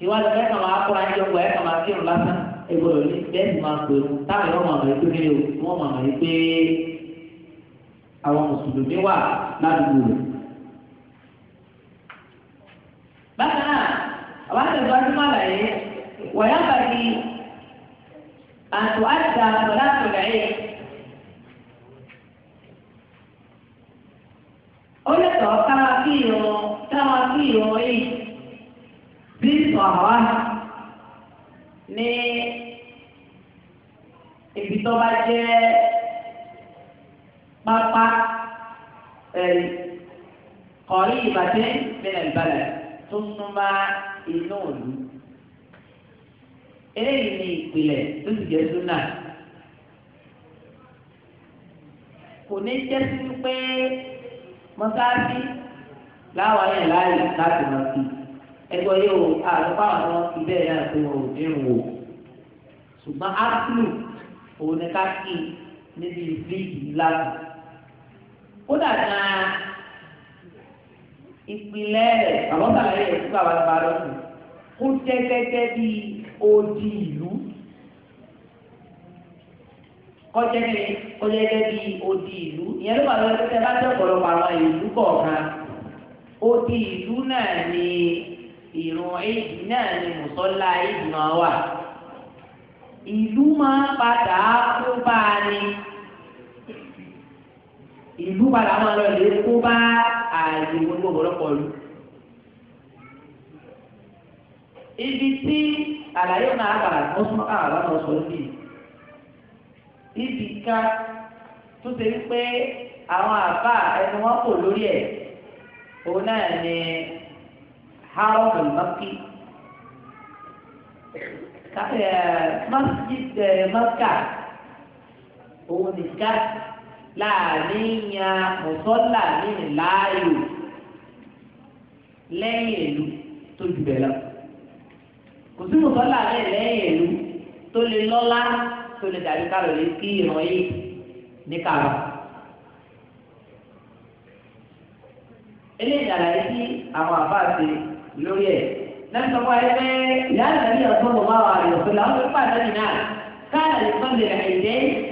ìwádìí ẹ̀ka máa kó ayé ọgbà ẹ̀ka máa kírun lásán ẹgbọ́dọ̀ ní bẹ́ẹ̀ni máa pè ó táwọn ẹ̀rọ màmá yìí pé kí ni o wọ́n màmá yìí pé àwọn mùsùlùmí wà ládùúgbò rẹ̀ bákan náà àwọn àtẹ̀síwájú máa làyé wọ̀nyá bàbí àtò àtà àtọ̀lá àtọ̀lá yìí. ó lè tọ́ káwá kí ìrún káwá kí ìrún yìí bí sọ̀rọ̀ ní ibi tó bá jẹ́ pápá ẹ̀rí kọ̀rí ìbàdí nílẹ̀ ìbàdàn tó súnmọ́ inú òlu eléyìí ni ìpìlẹ̀ tó sì jẹ́ súnà kò ní jẹ́ sí pé mọ́sáàsì láwọn ayé láàyè láti lọ sí ẹgbẹ́ yóò àlùkò àwọn ọmọ ìbẹ́ yẹn àti wọn ò dín wò ṣùgbọ́n áfíù òun ni ká kí níbi ìfíìkì láti kódà náà ìpìlẹ̀ rẹ̀ àwọn sàlàyé rẹ̀ fún babalaba lọ́sùn kó jẹ́ gẹ́gẹ́ bí odi ìlú kọjá ní kọjá gẹ́gẹ́ bí odi ìlú ìyẹn ló bá lọ sí ẹbá tẹ ọ̀pọ̀lọpọ̀ àwọn ìlú kọ̀ọ̀kan odi ìlú náà ni ìrùn èyí náà ni mùsọ́lá èyí máa wà ìlú máa padà kó bá a ní ìlú padà máa lọ lè kó bá ààyè gbogbo ọ̀pọ̀lọpọ̀ lu. ibi tí àlàyé náà àgbàlá wọ́n sún káwá lọ́nà ọ̀sọ̀ níbí ibi ká tó ṣe wípé àwọn àbá ẹni wọn kò lórí ẹ̀ òun náà ni haram maki masjid maka òun nìkan láàrin yan mọ̀sọ́là nínú láàyò lẹ́yìn ìlú tó ju bẹ̀ lọ. kò sí mọ̀sọ́là rẹ̀ lẹ́yìn ìlú tó lè lọ́lá tó lè dàbí kárọ̀ lé kí ìran yìí ní kárọ̀. eléyìí àlàyé sí àwọn àbáàṣe lórí ẹ̀ náà sọ fún ẹ pé ìyá àgbà ní ọ̀sán lọ́wọ́ àwọn àyọ̀sọ́ làwọn tó pàdánù náà káàdì sọ́ndẹ̀ ẹ̀yẹ́.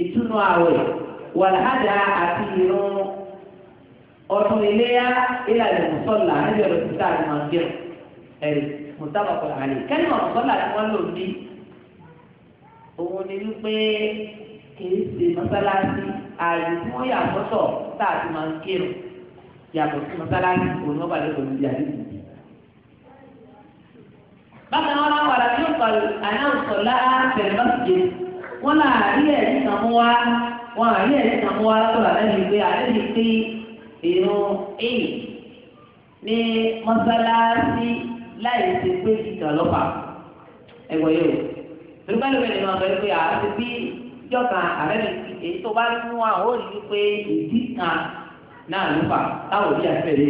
ìtúnu àwẹ̀ wàlhádà àti ìrun ọdún iléyà ìlànà mùsọ̀lá níbi ọ̀rọ̀ títà àti màgbẹ́ ẹ̀rí mùsàlá ọ̀pọ̀ àlẹ́ kẹ́lìmọ̀ mùsọ̀lá tí wọ́n lò ní òun ni wípé kìí ṣe mọ́sálásí ààyè tí wọ́n yà sọ́tọ̀ tá a ti máa ń kírun yàtọ̀ sí mọ́sálásí òun ọba lẹ́kọ̀ọ́ níbi àdéhùn. bákan náà wọn wà láti ń kọ àná ìsọ̀lá tẹ̀lé bá wọ́n láàárí ẹ̀rí kan mú wá wọ́n àárí ẹ̀rí kan mú wá látọ̀rọ̀ àlẹ́bí pé àlẹ́bí pé ìrún èyí ní mọ́sálásí láì ṣe pé ìtàn lọ́pàá ẹ̀gbọ́n yóò torí bá lóore nínú ọ̀gbẹ́ pé àti bí ìjọba àrẹ́bí èyí tó bá mú wa ó rí i pé ìdí kan náà ló fà táwọn òbí àti ẹ̀rí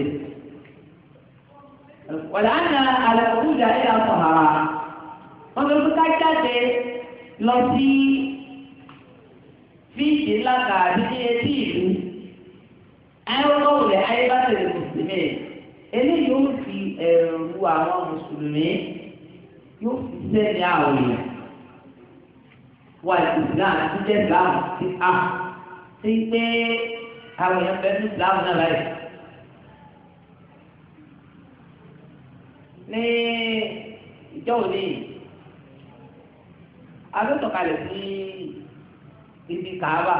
wọ̀lá ń na àlẹ́ òkúta ẹ̀yà sọ̀hárà wọ́n fi kú ká lọ sí fíìsì lákà àdídí etí ìlú ayọ́kọ̀wé ayébátẹ̀lẹ̀ mùsùlùmí eléyìí ó fi ẹ̀rù àwọn mùsùlùmí yóò fi sẹ́ni àwọn èèyàn wà ìsìlám jíjẹ́ ìsìlám sí a sí pé àwọn èèyàn fẹ́ ní ìsìlám náà láì. ní ìjọ òní yìí. alótọ̀kalẹ̀ sí ibi kàába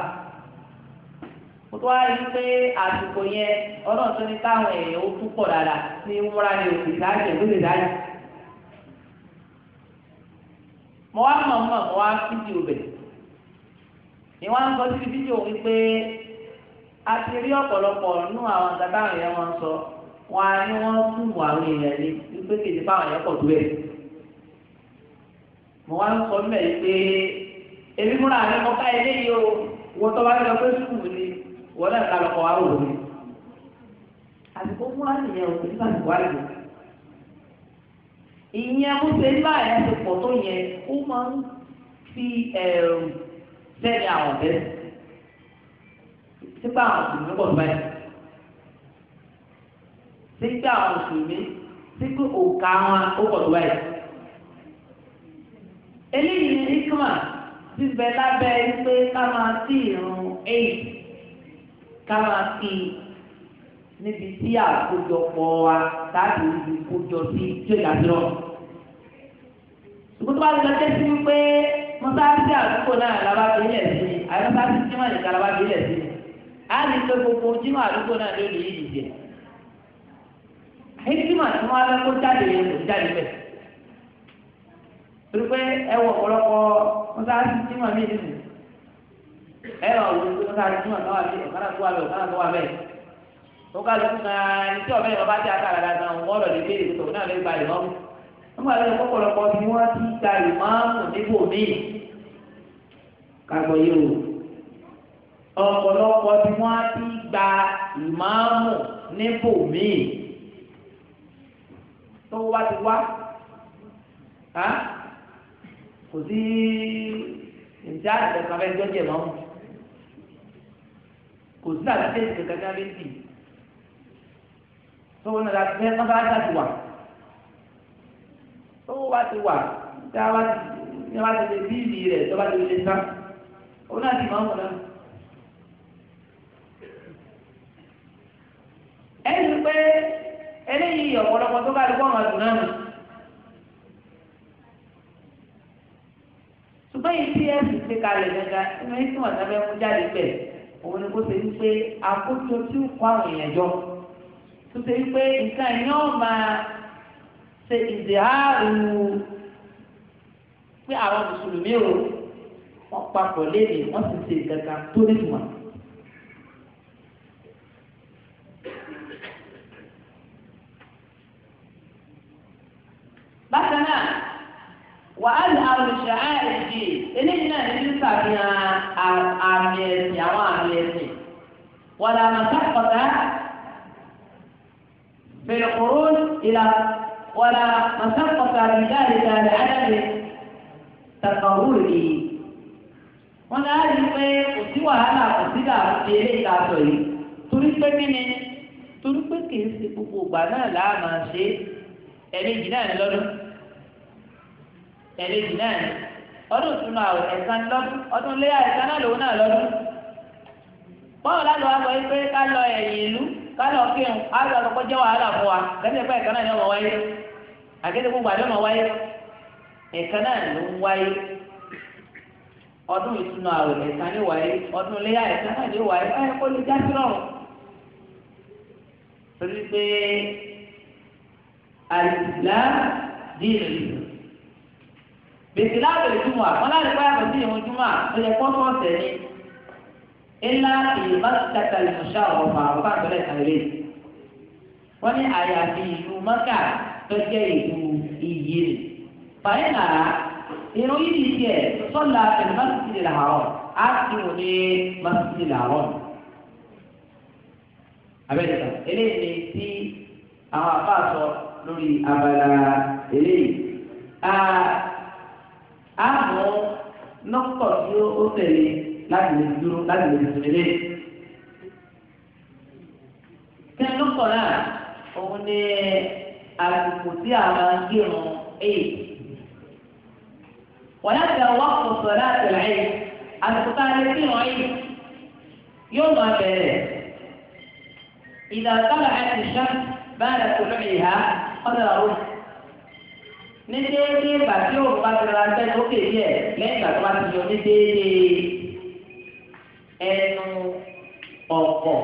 kó tó wá rí pé àsìkò yẹn tó ní káwọn èèyàn ó púpọ̀ dáadáa ní wúra ní òkè dájẹ́ ló lè mo wá mo wá fídíò ni sí fídíò wípé a ti rí àwọn àwọn wọn wọn àwọn ní wípé kejì mo wá ń sọ mẹ́ yìí pé èmi múra rẹ mọ ká eléyìí o wọ́n tọ́ wá lọ pé sùkùl ni wọ́n náà kálọ̀ kọ́ wá wò ni. àsìkò múra nìyẹn o kò ní sàtìkò wá lò. ìyẹn mo ṣe ní báyìí láti pọ̀ tó yẹn ó máa ń fi ẹ̀rù sẹ́ni àwọn bẹ́ẹ̀ sípà àwọn mùsùlùmí pọ̀ báyìí sípà àwọn mùsùlùmí sípà òkà wọn ó pọ̀ báyìí. eléyìí ni hikma ti bẹ lábẹ́ pé ká máa sí ìrun eight ká máa kí níbi tí àkójọpọ̀ wa láti ibi kójọ sí jẹ́gàdúrọ̀. ṣùgbọ́n tó bá lọ tẹ́sí wípé mọ́sáàsì àdúgbò náà làbá bílẹ̀ sí i àyọ̀ mọ́sáàsì jimá nìkan làbá bílẹ̀ sí i lè pe gbogbo torí pé ẹ wọ ọ̀pọ̀lọpọ̀ mọ́sáàsì tí màá mi nìyí ẹ wọ ọ̀pọ̀lọpọ̀ mọ́sáàsì tí màá wà bẹ́ẹ̀ ọ̀kadà tó wà bẹ́ẹ̀ ọ̀kadà tó wà bẹ́ẹ̀ ó ká ló ń ka ní tí ọ̀bẹ ìrọ̀bá tí a kà lára gan wọ́n lọ lè gbé ìlú tòun náà lè gba ìmọ̀ wọ́n máa lọ ọ̀pọ̀lọpọ̀ tí wọ́n ti gba ìmọ̀ọ́mù níbò míì kagbọ̀ yìí o ọ̀pọ̀lọpọ̀ tí wọ́n ti gba ìmọ̀ọ́mù kò sí ìjà ìdẹ̀ka bẹ́ẹ̀ tó jẹ̀ lọ́mù kò sí àdúgbò ìdẹ̀ka tó bẹ́ẹ̀ tì tọ́wọ́ náà láti fẹ́ kọ́ńtà láti àti wà tọ́wọ́ bá ti wà tá a bá ti bá ti lè bíìlì rẹ̀ tó bá ti lè sá òun náà ti máa ń wọ̀ náà. ẹ̀yìn pé eléyìí ọ̀pọ̀lọpọ̀ tó bá rí kọ́ àdùnnà nù. ṣùgbọ́n yìí tí ẹ̀sì gbé kalẹ̀ dandan ẹ̀mọ yìí tí wọ́n sábẹ́ mú jáde bẹ̀ òun ni kó ṣe wípé àkójọ tí ó kó àwọn èèyàn jọ tó ṣe wípé nǹkan ẹ̀yìn náà máa ṣe ìdíhàrù pé àwọn mùsùlùmí o wọ́n papọ̀ léde wọ́n sì ṣe ìdẹ́ka tó nítumọ̀. bákan náà wàhálà àrùnṣe àìsí eléyìí náà nínú sàfihàn àmì ẹ̀sìn àwọn àmì ẹ̀sìn wàlà àmàtà kọ̀tà bẹ̀rẹ̀ kúrò ìlà wàlà àmàtà kọ̀tà rìdá rìdá rẹ̀ ádàbẹ̀ tàkàwúrì wọn náà rí i pé kò sí wàhálà kò sí dàrú ti eléyìí ká sọ yìí torí pé kí ni torí pé kì í ṣe gbogbo ìgbà náà láàmà ṣe ẹ̀ẹ́dẹ́jì náà ní lọ́dún. ẹ̀ẹ́dẹ́jì náà ni ọdún ìtúnu àwẹ̀ ẹ̀sán lọ́dún ọdún léyà ẹ̀sán náà lòun náà lọ́dún. bọ́ọ̀lù láti wá sọ pé ká lọ ẹ̀yìn ìlú ká lọ jẹ́ wàhálà fún wa pé ẹ̀kan náà ni ọmọ wáyé gbogbo àdé ọmọ wáyé ẹ̀kan náà ló ń wáyé ọdún ẹ̀sán wáyé ọdún léyà ẹ̀sán náà wáyé ẹ̀ kó lè já sí torí pé bèsì lábẹ̀lẹ̀ jùmọ̀ àwọn láti bá yàtọ̀ sí ìwọ̀n jùmọ̀ ó yẹ kọ́tọ́ ọ̀sẹ̀ ni ńlá ìbátìtàkà ìmọ̀ṣá ọ̀fà ọ̀fà àgbẹ̀lẹ̀ àrẹ̀ wọ́n ní àyàfi ìlú mọ́kà tó jẹ́ ìlú iye rẹ̀ fàyẹ̀ nàrà irun yìí ti tiẹ̀ sọ́la ìmọ̀sítì làárọ̀ á ti wò ní mọ̀sítì làárọ̀ abẹ́rẹ́ sọ eléyìí ni eléyìí. Ah, àmọ́ nọ́kọ̀ tí ó tẹ̀lé láti lè dúró láti lè dúró lé. kí ni nọ́kọ̀ náà òun ni àsìkò tí a máa ń kírun èyí. wọ́n yá ti àwọn ọ̀sọ̀ láti rẹ̀ noko naa àsìkò tá a lè gbé kírun èyí yóò máa bẹ̀rẹ̀. ìdàgbàsókè àti sàn bá a lè tó lóye ha ọ̀dọ̀ àwọn. ní déédéé ìgbà tí òun bá ti ra ẹgbẹ́ lókè díẹ̀ lẹ́yìn ìgbà tó bá ti yọ ní déédéé ẹnu ọ̀pọ̀.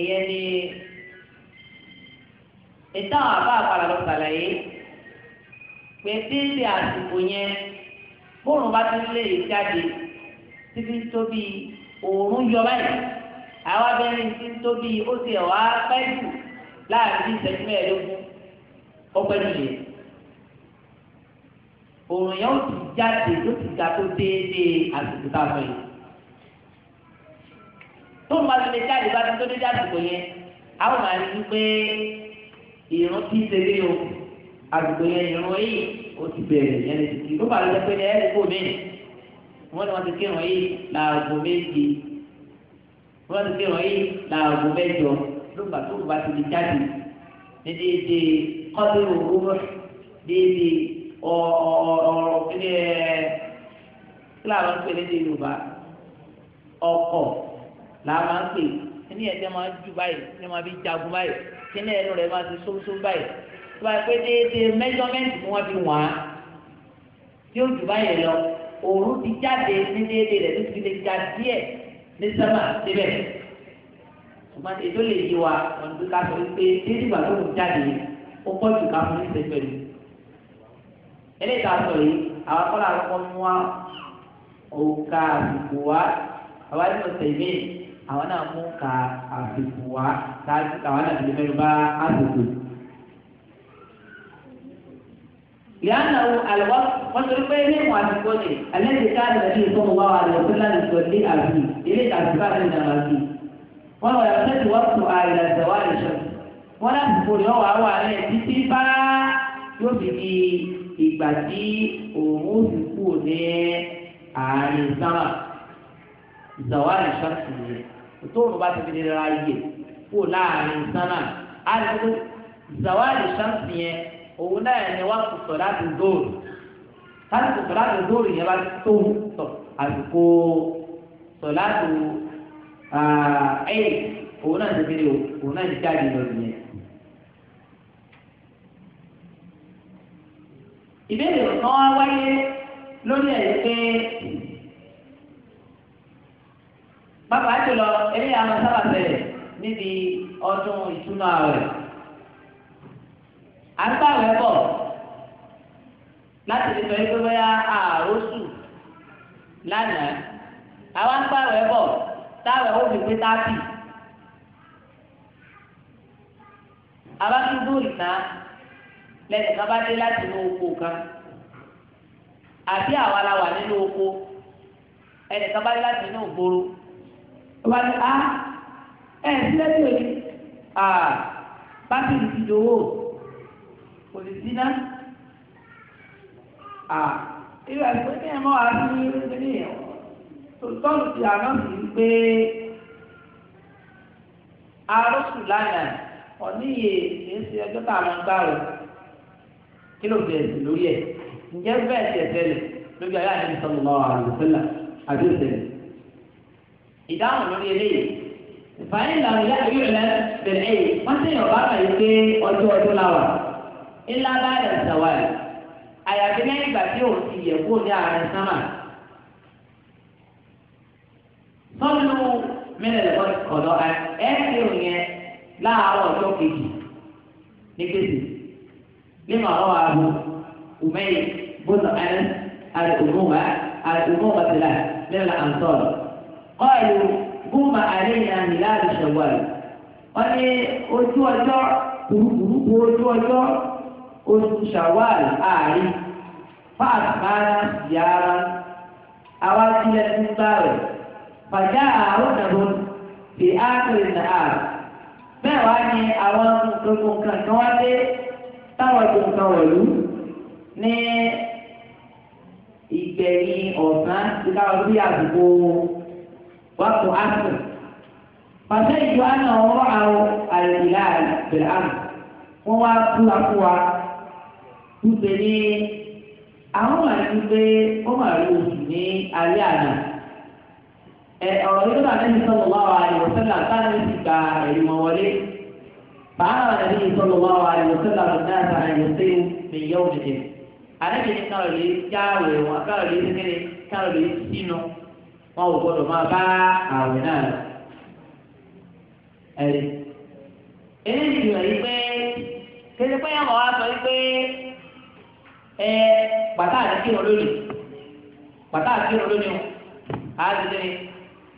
ìyẹn ni ìtàn àbá àpàlà ló ṣàlàyé pé déédéé àsìkò yẹn bóun bá ti lé ìjáde títí tó bí òórùn yọ báyìí àwọn abẹ́rẹ́ ti ń tó bí ó ti ẹ̀ wá pẹ́ jù láàrin ìṣẹ́jú mẹ́ẹ̀ẹ́dógún ọpẹ́ nìyẹn òòrùn yẹn ó ti jáde ló ti ga tó déédéé àsìkò tá a sọ yìí tó ń bá lè jáde bá tó déédéé àsìkò yẹn àwọn máa rí wípé ìrún tí ń ṣeré o àsìkò yẹn ìrún yìí ó ti bẹ̀rẹ̀ yẹn lè ti kí ló bá lè pé ní ẹ̀ẹ́dẹ́gbò mi wọ́n ní wọ́n ti kírun yìí láago méje wọ́n ti kírun yìí láago mẹ́jọ lóògbà tó o bá ti di jáde ní déédéé kọ́lé òwúrò déédéé ọ̀ọ̀ọ̀ọ̀ kíni ẹ̀ kíláàrọ̀ ń pè lédè Yorùbá ọkọ̀ làá máa ń pè kíni ẹ̀ tẹ́ máa ju báyìí kíni máa fi jagun báyìí kíni ẹnu rẹ̀ máa ti sóńsó báyìí tó bá pé déédéé mẹ́jọ́mẹ́ntì ni wọ́n fi wọ́n á tí ó jù báyìí lọ òòrùn ti jáde ní déédéé rẹ̀ tó ti lè ga díẹ̀ ní sábà débẹ̀ ṣùgbọ́n èdè lè yé wa ọ̀nà tó ká sọ wípé déédéé wà lóhùn jáde ó pọ̀ jù ká fún ìṣe pẹ̀lú. eléyìí tá a sọ yìí àwọn akọ́lá àkọ́kọ́ mú wa òǹkà àsìkò wa àwa nínú tẹ̀mí àwọn náà mú ka àsìkò wa láti àwọn náà ti lè mẹ́rin bá àsìkò. لأنه الوقت وصل بينهم وعسكوني الذي كان النبي صلى الله عليه وسلم يصلي فيه إليك أسباب من المسجد wọn wọ̀ yàtọ̀ tí wọ́n tún àìlà ìdẹ̀wà ìṣẹ́ wọn láti fò ní ọwọ́ àwọn àárẹ̀ títí bá yóò fi di ìgbà tí òun ó sì kú ní àárín sáà ìdẹ̀wà ìṣẹ́ sì yẹ tó òun bá ti fi nira yẹ kú láàrin sáà àìsàn ìdẹ̀wà ìṣẹ́ sì òun náà ni wọ́n kò sọ̀ láti dóòrò láti kò sọ̀ láti dóòrò yẹn bá tó tọ̀ àsìkò sọ̀ láti ẹ̀yìn ah, eh, òun náà ti kéré o òun náà ti jáde lọ nìyẹn. ìbéèrè kan wá wáyé lórí ẹ̀ pé bàbá jùlọ eléyà máa sábà bẹ̀rẹ̀ níbi ọdún ìtúná rẹ̀. àgbà rẹ̀ bọ̀ láti lè sọ pé bóyá àròsù lánàá àwọn àgbà rẹ̀ bọ̀ táwọn ẹ̀wọ́n fi pé tábì. abákíndó ìná lẹ́nu kan bá dé láti inú oko kan àbí àwa la wà nínú oko ẹnì kan bá dé láti inú ìgboro ó ní a ẹ sílẹ̀ tí o ní a bákìrì ti dòwó kò sì sí ná a ìgbà tó ní ẹ̀ mọ́ àti ní ìrìn ní ìyẹn. tòlùtọ́lù ti àrántí wípé arúgbó láyà ọ̀níyè kìí ṣe tá a máa ń gbà rẹ̀ kí ló bẹ̀rẹ̀ sí lórí ẹ̀ ǹjẹ́ bẹ́ẹ̀ ti ẹ̀sẹ̀ lẹ̀ lórí ayé àyè sọ̀rọ̀ lọ́wọ́ àlùfẹ́là àbí òṣèlú. ìdáhùn lórí eléyìí ìfàyè ìlànà ìyá ìlú rẹ̀ bẹ̀rẹ̀ wọ́n ti yàn bàbá yìí pé ọjọ́ ọdún láwà ńlá bá sàwárì àyàfi ìgbà tí òun ti yẹ̀ kó ní sámà sọ́nù mílẹ̀ lọ́wọ́ ọ̀dọ́ ẹ kírun yẹn láàárọ̀ ọjọ́ kejì ní kejì nínú àwọn àbò ùmẹ́yì bọ́sọ̀ ẹ̀ àrẹ òmùmá àrẹ òmùmá tìlá mílẹ̀ àǹtọ́rọ̀ ọ̀lù gúnmà àlẹ́yìn àmìlá àdìsọ̀wọ̀lù wọ́n ní ojú ọjọ́ kùrùkùrù ojú ọjọ́ oṣù ṣàwọ́lù àárín fáàkì máa yára àwa ti ń fàjá àwọn ìdàgbò fi ákìlì náà bẹ́ẹ̀ wá ní àwọn gbogbo nǹkan kan wá dé táwọn tó nǹkan wọ̀lú ní ìgbẹ̀yìn ọ̀sán tí káwọn bí àdúgbò wà fún ákìlì. pàṣẹ ìjọ àná ọ̀rọ̀ àwọn àìsílá bẹ̀rẹ̀ àná wọ́n wá fúwa fúwa wípé ní àwọn àti pé ó mà rí oṣù ní alẹ́ àná. ọ̀rọ̀ yóò náà lẹ́yìn sọ́nù táwọn ti gba ìmọ̀ wọlé báwọn náà lẹ́yìn sọ́nù wá wa àyẹ̀wò na mi yẹ dìde. àrẹ́bí ni káwọn wọn káwọn kékeré sínú wọn ò gbọdọ̀ máa bá náà lọ. ẹ̀rí ti pé kéde pé sọ pé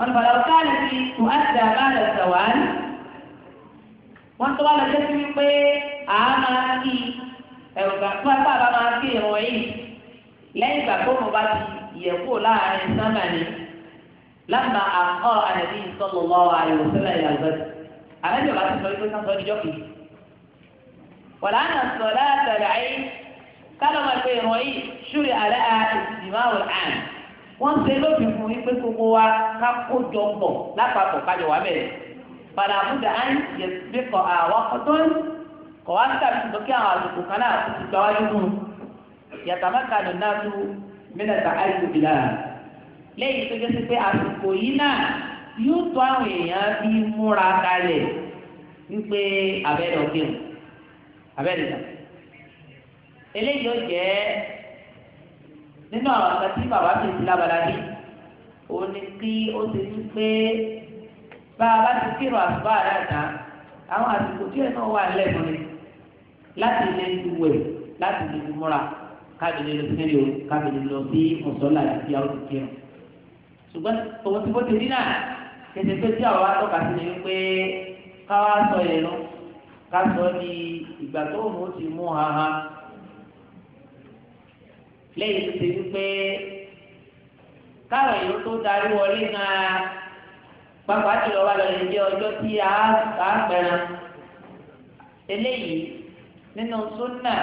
wọn bọ̀dọ̀ káàlì ti tù á ti dàgbà àdàgbà wá ní. wọ́n tó wá lọ jẹ́ sí wípé àá máa kí ẹ̀rù gbà tó apá bá máa kí ìrun yìí lẹ́yìn ìgbà tó mo bá ti yẹ̀ kó láàrin sábà ni lámà àkọ́ àdàbí sallallahu alaihi wasallam ìyàgbẹ́ àlejò bá ti sọ wípé sáńsọ níjọ́ kìí. wàlá àná sọ láàtàrà ayé kálọ̀ máa pé ìrun yìí ṣúrì àlẹ́ àìsìmáwò àná wọ́n ṣe lófin fún yín pé gbogbo wa ká kójọ pọ̀ lápapọ̀ kájọ wà bẹ̀rẹ̀ padà àbúdá á ń yẹ pé kọ àwọn akọ́tọ́ kọ̀ wá tàbí tuntun kí àwọn àlùkò kan náà kó ti gba wájú fún un yàtọ̀ mẹ́ta ló náà tó mínísítà àìsòbí náà lẹ́yìn tó jẹ́ sí pé àsìkò yìí náà yóò tó àwọn èèyàn bí múra kalẹ̀ wípé abẹ́rẹ́ ọ̀gbìn abẹ́rẹ́ náà eléyìí ó jẹ́ nínú àwọn àgbà tí bàbá mi ti lábala ní òun ni kí ó ti ní pé bá a bá ti kírun àsùbá àdáàdá àwọn àsìkò tí ẹ̀ náà wà lẹ́nu ni láti lè ju wẹ̀ láti lè ju múra kábìlì lọ sí ẹ̀rọ kábìlì lọ sí mọ̀sọ́lá àti àwọn ti kírun ṣùgbọ́n òun ti bó ti rí náà kẹsẹ̀ tó tí àwọn atọ́ka sí ni wípé káwá sọ yẹn lọ ká sọ ní ìgbà tó òun ó ti mú ha ha lẹ́yìn tó ti wípé káwọn èèyàn tó darí wọlé náà pàápàá jùlọ wà lọ́lẹ̀ jẹ́ ọjọ́ tí a bá pẹ̀rẹ̀ eléyìí nínú súnà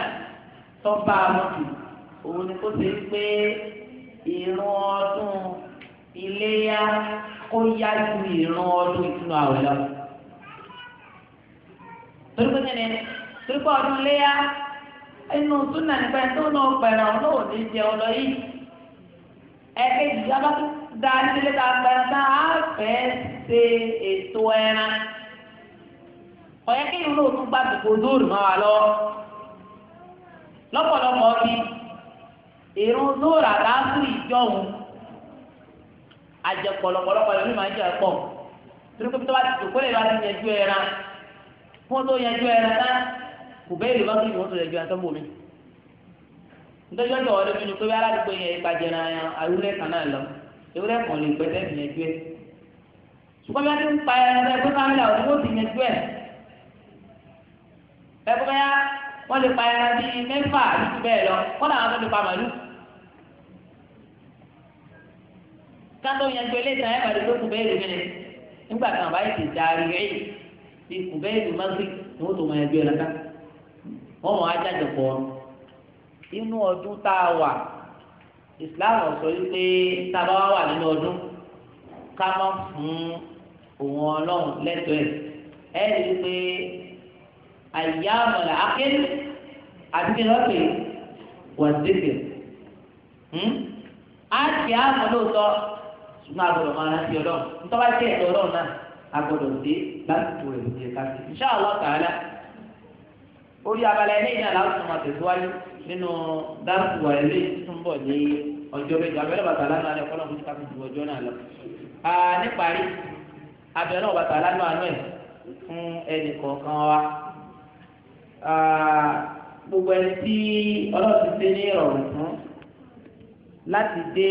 tọ́ba àmọ́tò òun ni kó ti wípé ìrún ọdún iléyà kó yá ju ìrún ọdún ìtúnu àwẹ̀ lọ. torí pé ọdún iléyà inú súnà nípa ẹni tó náà pẹ̀rẹ̀ ọ̀hún náà ò ní jẹ ọlọ yìí ẹ̀kejì lábá da nílé ta pẹ̀rẹ̀ tá a fẹ́ ṣe ètò ẹran ọ̀yẹ́ kí irú òtún gbà tó kojú òrùn máa wà lọ lọ́pọ̀lọpọ̀ bí irun zóòrà lásìrì ìjọ́hun àjẹpọ̀lọpọ̀lọpọ̀ lórí máa ń jẹ pọ̀ torí pé bí tó bá ti tòkó lè lọ́ọ́ ti yanjú ẹran fún tó yanjú ẹran náà kò bẹ́ẹ̀ lè bá tó ìwọ́n tó lẹ́jọ́ yẹn tó ń bò mí. ntọ́jọ́ tó ọ̀rẹ́ mi ni pé bí aládùúgbò yẹn ìbàjẹ́ náà yẹn awúrẹ́ kan náà lọ ewúrẹ́ kan lè pẹ́ sẹ́yìn yẹn jẹ́. ṣùgbọ́n bí wọ́n ti ń pa ẹ̀rẹ́ pé káńlá òun ó ti yẹn jẹ́ ẹ̀kọ́ bẹ́yà wọ́n lè pa ẹran bíi mẹ́fà àti bẹ́ẹ̀ lọ kọ́nà àwọn tó lè pa màlúù. kátó yẹn gbélé tán ẹ̀ bàdé ló kù bẹ́ẹ̀ lè mẹ́lẹ̀ nígbà tí wọ́n ti dàrí rẹ̀ bí wọn wọ́n á jáde pọ̀ inú ọdún tá a wà islam sọ wípé tá wà nínú ọdún ká má fún òun ọlọ́run lẹ́tọ̀ọ́ ẹ̀ ẹ́ rí i pé àyà àmàlà akéde àti kí wà á hmm? ti máa rántí nítorí ti náà dé láti tó orí abala ẹlẹ́yìn náà láti máa tẹ̀síwájú nínú dáàbò wà ẹlẹ́yìn tuntun bọ̀ ní ọjọ́ méjì abẹ́rẹ́ bàtà lánàá rẹ̀ kọ́lọ́ fún káfí ju ọjọ́ náà lọ. níparí abẹ́rẹ́ bàtà lánàá rẹ̀ fún ẹnì kọ̀ọ̀kan wa gbogbo ẹni tí ọlọ́run ti dé ní ìrọ̀rùn fún láti dé